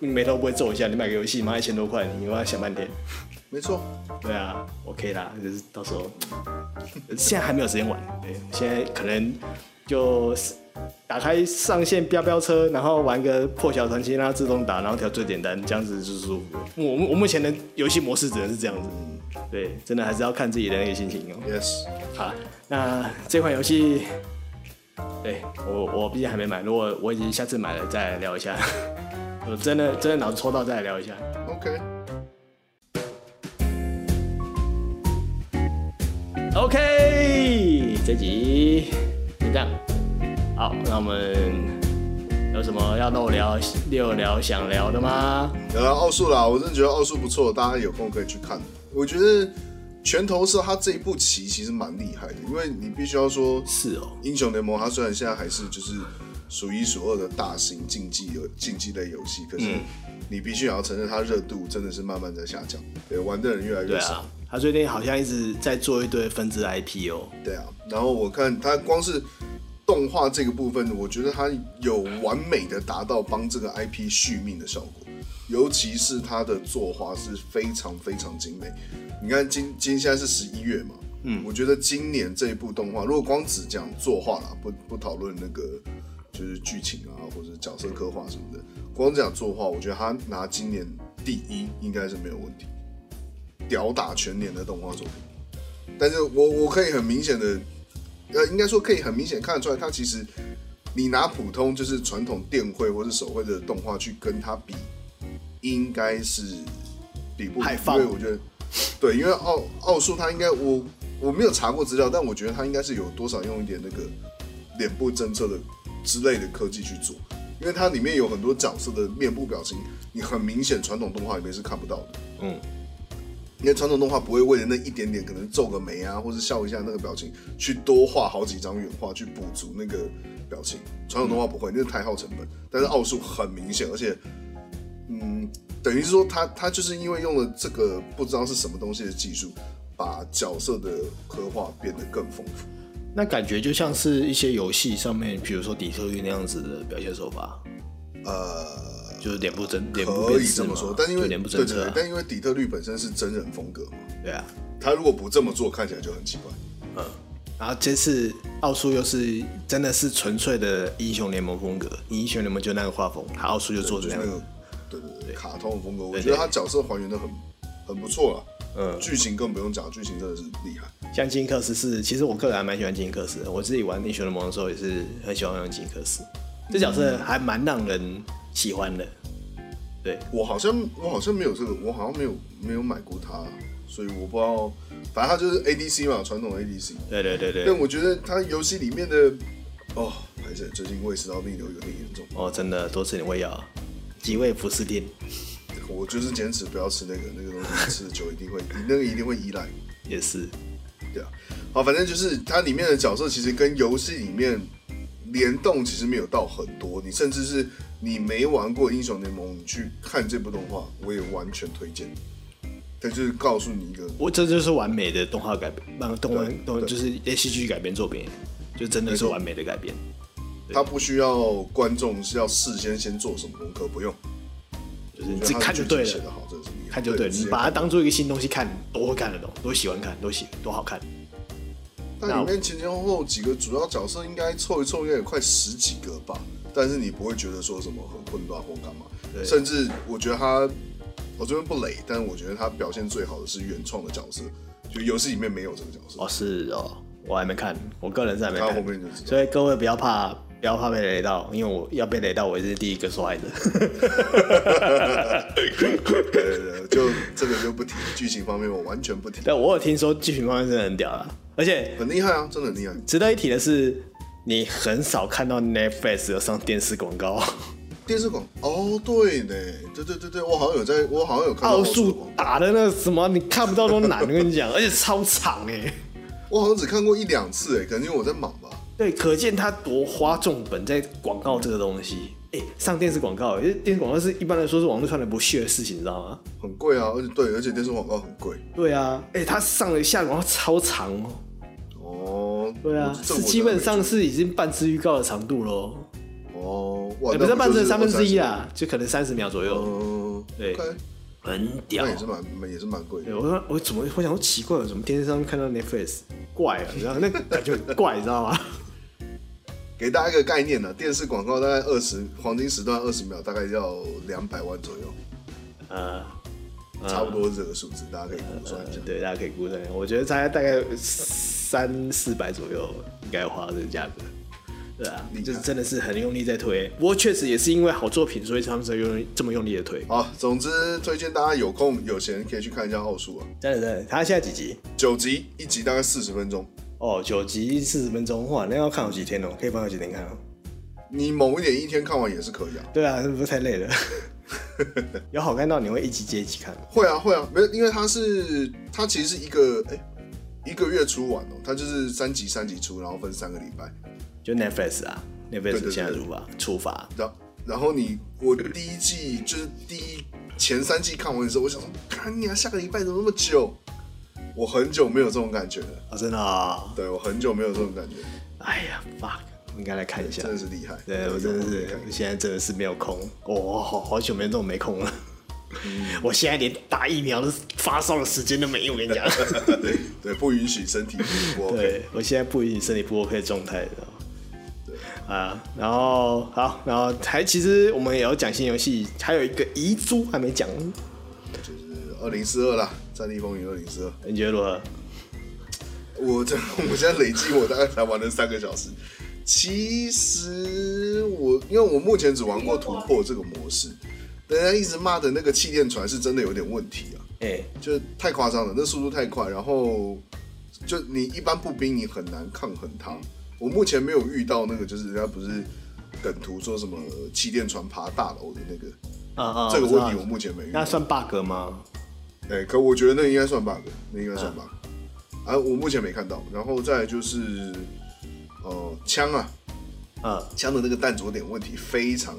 你眉頭不會皺一下。你買個遊戲，媽、啊、一千多塊，你媽想半天。沒錯。對啊，OK 啦，就是到時候，現在還沒有時間玩。對，現在可能就。打開上線飆飆車，然後玩個破曉傳奇，讓它自動打，然後調最簡單，這樣子就是我我目前的遊戲模式只能是這樣子。對，真的還是要看自己的那個心情哦。Yes。好，那這款遊戲，對我我畢竟還沒買，如果我已經下次買了再來聊一下。 我真的真的腦子抽到再來聊一下。OK。OK，這集就這樣。好，那我們有什麼要跟我聊、六聊想聊的嗎？聊聊奧術啦，我真的覺得奧術不錯，大家有空可以去看。我覺得拳頭社他這一步棋其實蠻厲害的，因為你必須要說，是哦。英雄聯盟它雖然現在還是就是數一數二的大型競技遊、競技類遊戲，可是你必須也要承認它熱度真的是慢慢在下降，對，玩的人越來越少。它、啊、最近好像一直在做一堆分支 IP 哦。對啊，然後我看它光是，動畫這個部分，我覺得它有完美的達到幫這個 IP 續命的效果，尤其是它的作畫是非常非常精美。你看，今今現在是十一月嘛，嗯，我覺得今年這一部動畫，如果光只講作畫啦，不不討論那個就是劇情啊或者角色刻畫什麼的，光講作畫，我覺得它拿今年第一應該是沒有問題，吊打全年的動畫作品。但是我我可以很明顯的。呃，應該說可以很明顯看得出來，它其實你拿普通就是傳統電繪或者手繪的動畫去跟它比，應該是比不比，所以方我覺得，對，因為奧奧術它應該我我沒有查過資料，但我覺得它應該是有多少用一點那個臉部偵測的之類的科技去做，因為它裡面有很多角色的面部表情，你很明顯傳統動畫裡面是看不到的，嗯。因為傳統動畫不會為了那一點點，可能皺個眉啊，或者笑一下那個表情，去多畫好幾張原畫去補足那個表情。傳統動畫不會，那是、嗯、太耗成本。但是奧數很明顯，而且，嗯，等於是說他他就是因為用了這個不知道是什麼東西的技術，把角色的刻畫變得更豐富。那感覺就像是一些遊戲上面，比如說《底特律》那樣子的表現手法。呃。就是臉部真，啊、可以這麼說，但是因為臉部真實、啊，但因為底特律本身是真人風格嘛，對啊，他如果不這麼做，看起來就很奇怪。嗯，然後這次奧術又是真的是純粹的英雄聯盟風格，英雄聯盟就那個畫風，他奧術就做這樣、那個就是那個，對對對，對卡通風格。我覺得他角色還原得很對對對很不錯了、啊，嗯，劇情更不用講，劇情真的是厲害。像金克斯是，其實我個人還蠻喜歡金克斯的，我自己玩英雄聯盟的時候也是很喜歡用金克斯，嗯、這角色還蠻讓人。喜歡的，對，我好像我好像沒有這個，我好像沒有沒有買過它，所以我不知道。反正它就是 ADC 嘛，傳統 ADC。對對對對。但我覺得它遊戲裡面的哦，還是最近胃食道逆流有點嚴重。哦，真的，多吃點胃藥，吉胃福適錠，我就是堅持不要吃那個那個東西，吃的久一定會， 那個一定會依賴。也是，對啊。好，反正就是它裡面的角色，其實跟遊戲裡面。聯動其實沒有到很多，你甚至是你沒玩過英雄聯盟，你去看這部動畫，我也完全推薦。它就是告訴你一個，我這就是完美的動畫改編，漫動漫，對動就是連 C G 改編作品，對就真的是完美的改編。他不需要觀眾是要事先先做什麼功課，不用，就是這看就對了。寫的好，真是看就對，你把它當做一個新東西看，嗯、多會看得懂，多喜歡看，嗯、多喜多好看。但裡面前前後後幾個主要角色應該湊一湊應該也有快十幾個吧，但是你不會覺得說什麼很混亂或幹嘛。對甚至我覺得他，我這邊不雷，但是我覺得他表現最好的是原創的角色，就遊戲裡面沒有這個角色。哦，是哦，我還沒看，我個人是還沒看，看後面就，所以各位不要怕，不要怕被雷到，因為我要被雷到，我也是第一個受害者。 對，對對，就這個就不提劇情方面，我完全不提。但我有聽說劇情方面真的很屌啦。而且很厲害啊，真的很厲害！值得一提的是，你很少看到 Netflix 有上電視廣告。電視廣哦，對耶，對對對對，我好像有在，我好像有看奧數打的那什麼，你看不到都難。我 跟你講，而且超長哎，我好像只看過一兩次哎，感覺我在忙吧？對，可見他多花重本在廣告這個東西。哎，上電視廣告，因為電視廣告是一般來說是網絡上的不屑的事情，你知道嗎？很貴啊，而且對，而且電視廣告很貴。對啊，哎，他上了一下廣告超長哦。對啊，是基本上是已經半支預告的長度嘍。哦，哎，不是半支三分之一啊，就可能三十秒左右。嗯，對，很屌，那也是蠻，也是蠻貴的。我說，我怎麼，我想說奇怪了，怎麼電視上看到 Netflix，怪啊，你知道那感覺很怪，你知道嗎？給大家一個概念呢，電視廣告大概二十黃金時段二十秒，大概要兩百萬左右。呃，差不多這個數字，大家可以估算一下。對，大家可以估算一下。我覺得大概大概。三四百左右應該花這個價格，對啊，你就是真的是很用力在推。不過確實也是因為好作品，所以他們才用這麼用力的推。好，總之推薦大家有空有錢可以去看一下《奧術》啊。對對，他現在幾集？九集，一集大概四十分鐘。哦，九集四十分鐘，哇，那要看好幾天哦。可以放有幾天看哦。你猛一點，一天看完也是可以啊。對啊，是不是太累了？ 有好看到你會一集接一集看嗎、啊？會啊會啊，沒，因為他是他其實是一個哎。欸一個月出完哦，它就是三集三集出，然後分三個禮拜，就 Netflix 啊，Netflix 現在出啊，出發，然然後你我第一季就是第一前三季看完的時候，我想說，看呀，下個禮拜怎麼那麼久？我很久沒有這種感覺了啊，真的啊，對我很久沒有這種感覺。哎呀，fuck，我應該來看一下，真的是厲害，對我真的是現在真的是沒有空，哦，好好久沒有這種沒空了。嗯、我現在連打疫苗都發燒的時間都沒有，我跟你講。對對，不允許身體不 o、OK, 對我現在不允許身體不 o、OK、的狀態，知道嗎？對啊，然後好，然後還其實我們也要講新遊戲，還有一個遺珠還沒講，就是二零四二啦，《戰地風雲二零四二》，你覺得如何？我這我現在累計我大概才玩了三個小時，其實我因為我目前只玩過突破這個模式。 人家一直罵的那個氣墊船是真的有點問題啊，哎，欸，就太誇張了，那速度太快，然後就你一般步兵你很難抗衡它。我目前沒有遇到那個，就是人家不是梗圖說什麼氣墊船爬大樓的那個，啊這個問題，嗯、我目前沒遇到，嗯。那算 bug 嗎？哎，欸，可我覺得那應該算 bug，那應該算 bug。啊，啊，我目前沒看到。然後再就是，哦，呃，槍啊，呃，槍的那個彈着點問題非常。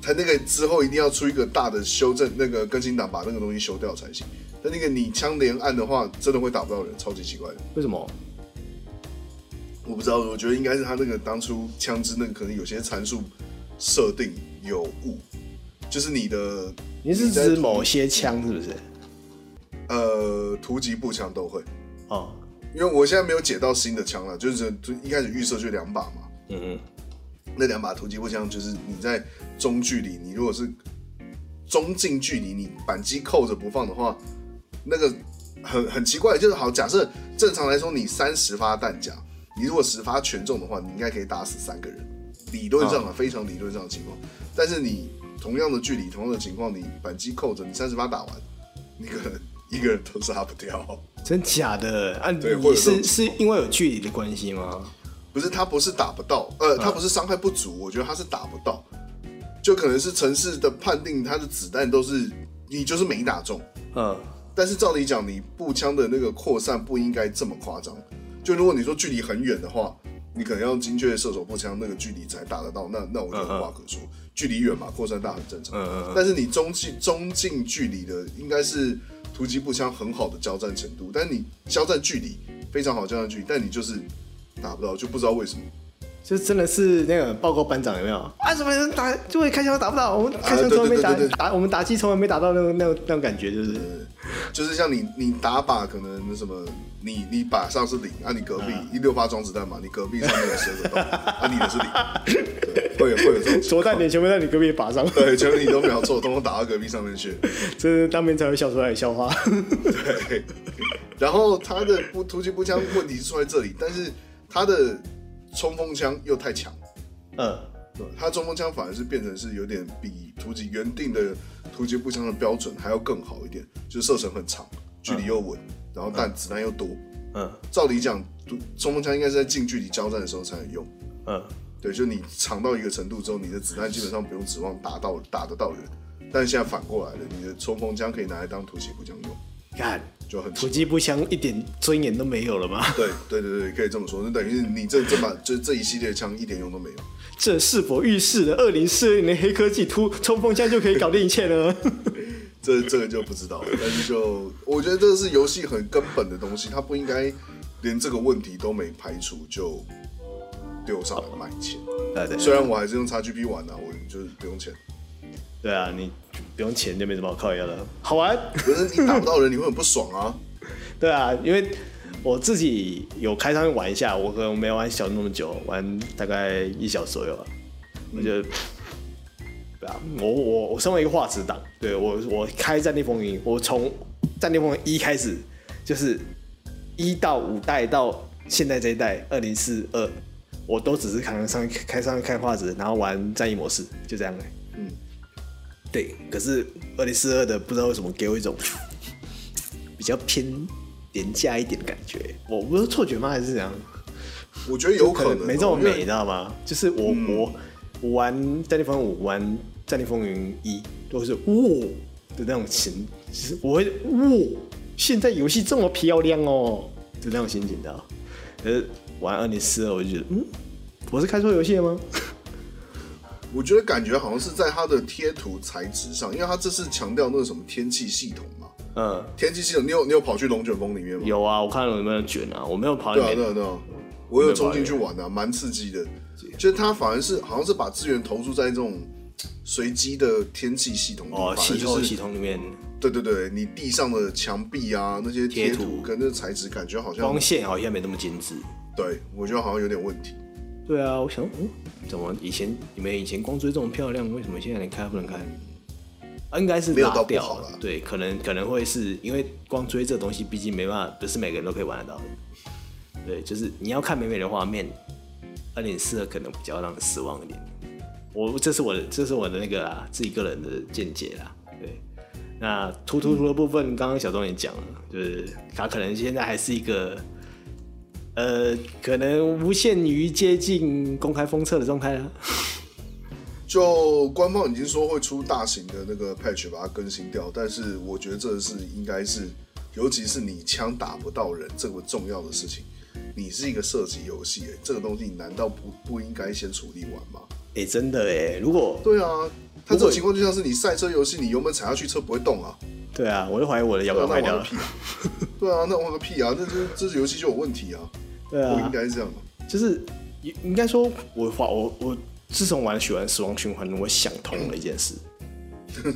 他那個之後一定要出一個大的修正，那個更新檔把那個東西修掉才行。但那個你槍連按的話，真的會打不到人，超級奇怪的。為什麼？我不知道，我覺得應該是他那個當初槍支那個可能有些參數設定有誤，就是你的，你是指你某些槍是不是？呃，突擊步槍都會。哦，因為我現在沒有解到新的槍了，就是一開始預設就兩把嘛。嗯嗯哼，那兩把突擊步槍就是你在，中距離，你如果是中近距離，你扳機扣着不放的話，那個很很奇怪，就是好假設正常來說，你三十發彈夾，你如果十發全中的話，你應該可以打死三個人。理論上啊，非常理論上的情況。啊、但是你同樣的距離，同樣的情況，你扳機扣着，你三十發打完，那個一個人都殺不掉。真假的？按、啊、你，你是是因為有距離的關係嗎、啊？不是，他不是打不到，呃，啊、他不是傷害不足，我覺得他是打不到。就可能是城市的判定，它的子彈都是你就是沒打中，嗯呵，但是照理講，你步槍的那個擴散不應該這麼誇張。就如果你說距離很遠的話，你可能要精確射手步槍，那個距離才打得到。那那我就無話可說，呵呵距離遠嘛，擴散大很正常的。嗯嗯呵。但是你中近中近距離的應該是突擊步槍很好的交戰程度，但你交戰距離非常好交戰距離，但你就是打不到，就不知道為什麼。就真的是那個報告班長有沒有啊？什麼人打就會開槍打不到，我們開槍從來沒打打，我們打擊從來沒打到那種、個、那種、個、那種、個、感覺，就是對對對就是像你你打靶可能那什麼，你你靶上是零啊，你隔壁一、啊、六發裝子彈嘛，你隔壁上面有寫着洞啊，你的是零，會有會說說彈點全部在你隔壁靶上，對，全部你都瞄錯，通通打到隔壁上面去，這是當兵才會笑出來的笑話。對，然後他的步突擊步槍問題是出在這裡，對但是他的。衝鋒槍又太強，嗯，對，它衝鋒槍反而是變成是有點比突擊原定的突擊步槍的標準還要更好一點，就是射程很長，距離又穩，嗯、然後彈子彈又多，嗯，嗯，照理講，衝鋒槍應該是在近距離交戰的時候才能用，嗯，對，就你長到一個程度之後，你的子彈基本上不用指望打到打得到人，但現在反過來了，你的衝鋒槍可以拿來當突擊步槍用，就很，突擊步槍一點尊嚴都沒有了嗎？對，對，對，對，可以這麼說，那等於是你這這把，這這一系列槍一點用都沒有。這是否預示了二零四二年黑科技突衝鋒槍就可以搞定一切呢？ 這這個就不知道了。但是就我覺得這是遊戲很根本的東西，它不應該連這個問題都沒排除就丟上來賣錢。哦、對，對對，雖然我還是用 XGP 玩的，啊，我就是不用錢。對啊，你不用錢就沒什麼好靠腰了，好玩。可是你打不到人， 你會很不爽啊。對啊，因為我自己有開上去玩一下，我可能沒玩小那麼久，玩大概一小時左右了。我就，嗯，對啊，我我我身為一個畫質黨，對，我我開《戰地風雲》，我從《戰地風雲》一開始就是一到五代到現在這一代二零四二，42，我都只是扛上開上去開畫質，然後玩戰役模式，就這樣。嗯。對，可是二零四二的不知道為什麼給我一種比較偏廉價一點的感覺，我不是錯覺嗎？還是怎樣？我覺得有可能,可能沒這麼美，你因為 知道嗎？就是我、嗯、我玩《戰地風雲五》，玩《戰地風雲一》都是哇、哦、的那種情，就是我會哇、哦，現在遊戲這麼漂亮哦，就那種心情的。可是玩二零四二，我就覺得嗯，我是開錯遊戲了嗎？我覺得感覺好像是在它的貼圖材質上，因為它這次強調那個什麼天氣系統嘛。嗯，天氣系統，你有你有跑去龍捲風裡面嗎？有啊，我看有沒有捲啊？我沒有跑。對啊，對啊，對啊，對啊，我有衝進去玩啊，蠻刺激的。樣就是它反而是好像是把資源投注在這種隨機的天氣系統裡哦，氣候，就是，系統裡面。對對對，你地上的牆壁啊那些貼圖跟那個材質感覺好像光線好像沒那麼精緻。對，我覺得好像有點問題。對啊，我想，嗯，怎麼以前你們以前光追這麼漂亮，為什麼現在能開不能開？啊、應該是拉掉了，了。對，可能可能會是因為光追這東西，畢竟沒辦法，不是每個人都可以玩得到的。對，就是你要看美美的畫面，二點四的可能比較讓你失望一點。我這是我的這是我的那個自己個人的見解啦。對，那突突突的部分，剛剛、嗯、小東也講了，就是他可能現在還是一個。呃，可能無限於接近公開封測的狀態啊。就官方已經說會出大型的那個 patch 把它更新掉，但是我覺得這是應該是，尤其是你槍打不到人這麼重要的事情，你是一個射擊遊戲，欸，哎，這個東西你難道不不應該先處理完嗎？哎、欸，真的哎，如果對啊，它這種情況就像是你賽車遊戲，你油門踩下去車不會動啊。對啊，我就懷疑我的油門壞了。對啊，那玩個屁啊！ 啊那啊這，就是，這遊戲就有問題啊！對啊，我應該是這樣。就是應應該說我，我我我自從玩完《死亡循環》，我想通了一件事，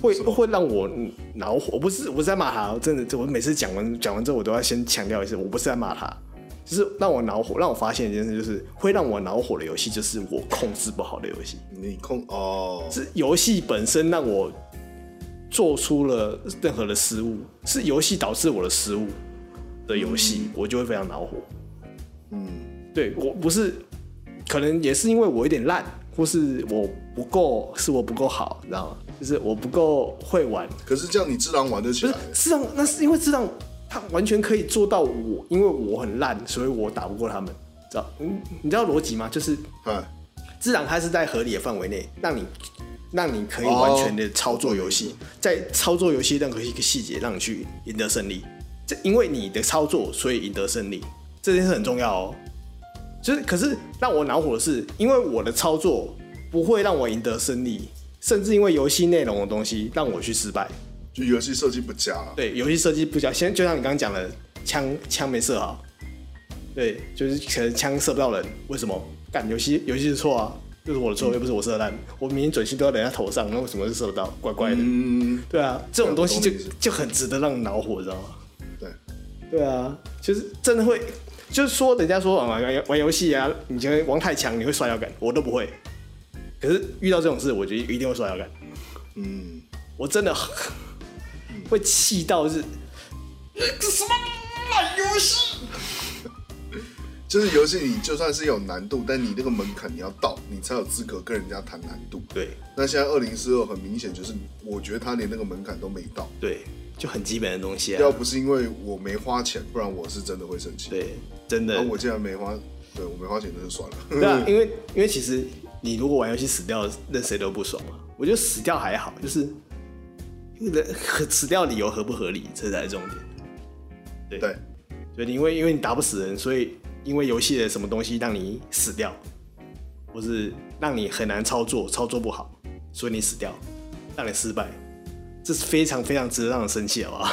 會會讓我惱火。我不是我不是在罵他，真的，我每次講完講完之後，我都要先強調一次，我不是在罵他，就是讓我惱火，讓我發現一件事，就是會讓我惱火的遊戲，就是我控制不好的遊戲。你控哦，是遊戲本身讓我做出了任何的失誤，是遊戲導致我的失誤的遊戲，嗯、我就會非常惱火。嗯，對，我不是，可能也是因為我有點爛，或是我不夠，是我不夠好，你知道嗎？就是我不夠會玩。可是這樣你自然玩得起來，自然那是因為自然，他完全可以做到我。我因為我很爛，所以我打不過他們，你知道？你知道邏輯嗎？就是，嗯，自然它是在合理的範圍內，讓你讓你可以完全的操作遊戲，在操作遊戲的任何一個細節，讓你去贏得勝利。這因為你的操作，所以贏得勝利。這件事很重要哦，就是可是讓我惱火的是，因為我的操作不會讓我贏得勝利，甚至因為遊戲內容的東西讓我去失敗，就遊戲設計不佳啊。對，遊戲設計不佳。先就像你剛剛講的，槍槍沒射好，對，就是可能槍射不到人，為什麼？幹遊戲遊戲是錯啊，就是我的錯，嗯，又不是我射的爛，我明明準心都在人家頭上，那為什麼是射不到？怪怪的。嗯，對啊，這種東西就就很值得讓你惱火，你知道嗎？對，對啊，就是真的會。就是說，人家說玩玩玩遊戲啊，你玩太強，你會摔跤感，我都不會。可是遇到這種事，我覺得一定會摔跤感。嗯，我真的會氣到是，嗯、這什麼爛遊戲？就是遊戲，你就算是有難度，但你那個門檻你要到，你才有資格跟人家談難度。對。那現在二零四二很明顯就是，我覺得他連那個門檻都沒到。對。就很基本的東西啊。要不是因為我沒花錢，不然我是真的會生氣。對，真的，啊。我既然沒花，對我沒花錢，那就算了。對啊，因為因為其實你如果玩遊戲死掉，任誰都不爽。我覺得死掉還好，就是死掉理由合不合理，這才是重點。對，對，所以你因為因為你打不死人，所以因為遊戲的什麼東西讓你死掉，或是讓你很難操作，操作不好，所以你死掉，讓你失敗。這是非常非常值得讓人生氣了吧？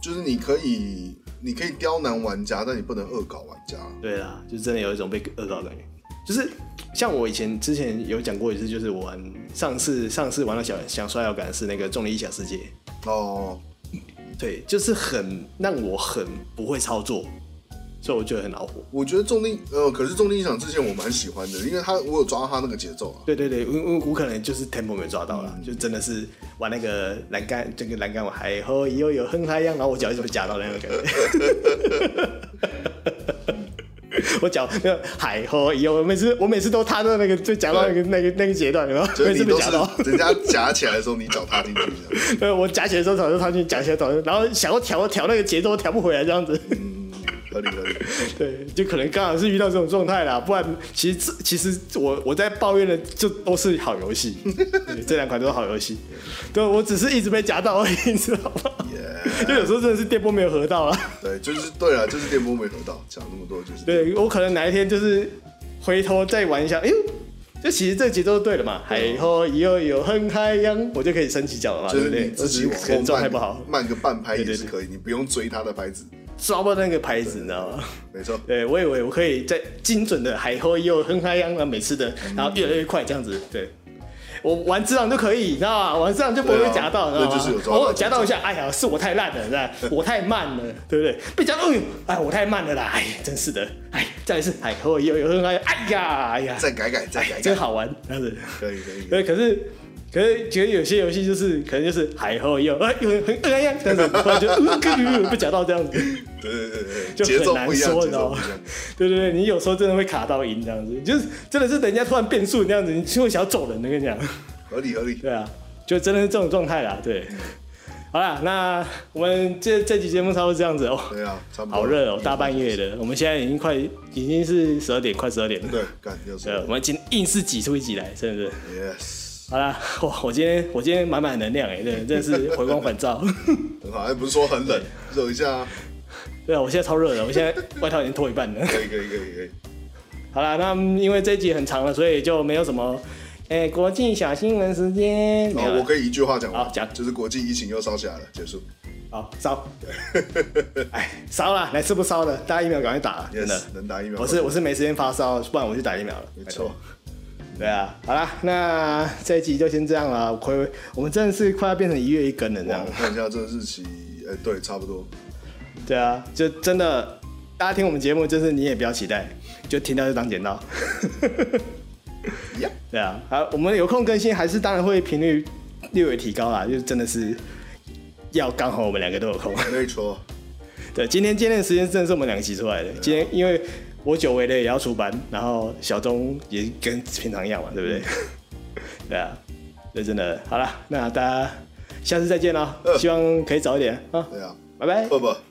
就是你可以，你可以刁難玩家，但你不能惡搞玩家。對啊，就真的有一種被惡搞的感覺。就是像我以前之前有講過一次，就是玩上次上次玩了小小摔搖桿是那個重力異想世界哦，對，就是很讓我很不會操作。所以我覺得很惱火。我覺得重力，呃，可是重力音場之前我蠻喜歡的，因為他我有抓到他那個節奏啊。對對對，因為我可能就是 tempo 沒抓到了，嗯、就真的是玩那個欄杆，整、這個欄杆我嗨後以後有哼海一樣，然後我腳就會夾到那樣的感覺。 我腳那個海吼悠悠，嗨後以後我每次我每次都踏到那個就夾到那個、嗯、那個那個階段，然後就被夾到。人家夾起來的時候，你腳踏進去。對，我夾起來的時候，腳就踏進去，夾起來然後想要調調那個節奏，調不回來這樣子。嗯合理合理，理對，就可能剛好是遇到這種狀態啦，不然其實其實我我在抱怨的就都是好遊戲， 這兩款都是好遊戲，Yeah. 對，我只是一直被夾到而已，你知道嗎？因為 Yeah. 有時候真的是電波沒有合到啊。對，就是對了，就是電波沒合到，講 那麼多就是。對，我可能哪一天就是回頭再玩一下，哎，就其實這節奏對了嘛，Yeah. 海以後以後有很嗨音，我就可以升起腳了嘛，可是你自己往還不好慢，慢個半拍也是可以，對對對對，你不用追他的拍子。抓不到那個牌子，你知道嗎？沒錯，對，我以為我可以再精準的，海後又哼開秧，每次的，然後越來越快這樣子，對，我玩這樣就可以，你知道嗎？玩這樣就不會夾到，然對吧？偶爾夾到一下，哎呀，是我太爛了，是吧？我太慢了，對不對？被夾到，哎，我太慢了啦，哎，真是的，哎，再一次，海後又又哼開，哎呀，哎呀，再改改，再改，真好玩，這樣子，可以可以，對，可是可是覺得有些遊戲就是可能就是海後又，哎，有很，很哎呀，等等，突然就呃，跟到 這樣子，對對對，就很難說的哦， 對對對，你有時候真的會卡到陰這樣子，就是真的是等人家突然變速那樣子，你就會想要走人的跟你講，合理合理，對啊，就真的是這種狀態啦，對。 好了，那我們這這集節目差不多這樣子哦，對啊，好熱哦，大半夜的，文我們現在已經快已經是十二點，快十二點了，對，幹，有事，我們今硬是擠出一集來，是不是、oh？Yes。好啦，我我今天我今天滿滿能量哎，這是回光返照。好 對，也不是說很冷，等一下啊。對啊，我現在超熱的，我現在外套已經脫一半了。可以可以可以可以。好啦，那因為這一集很長了，所以就沒有什麼哎、欸、國際小新聞時間。好我可以一句話講完，講，就是國際疫情又燒起來了，結束。好燒，哎燒了，來 是不燒了？大家疫苗趕快打，yes, 真的能打疫苗。我是我是沒時間發燒，不然我去打疫苗了，沒錯錯。對啊，好啦，那這一集就先這樣啦。我會我們真的是快要變成一月一更了，這樣看一下這日期，哎，對，差不多。對啊，就真的，大家聽我們節目，就是你也不要期待，就聽到就當撿到。 Yeah. 對啊，好，我們有空更新，還是當然會頻率略有提高啦。就真的是要剛好我們兩個都有空。沒錯。對，今天見面時間真的是我們兩個擠出來的。啊、今天因為。我久違的也要出班，然後小鍾也跟平常一樣嘛，對不對？嗯、 對啊，那真的好了，那大家下次再見了，呃、希望可以早一點啊。呃、呵對啊，拜拜 bye。不不。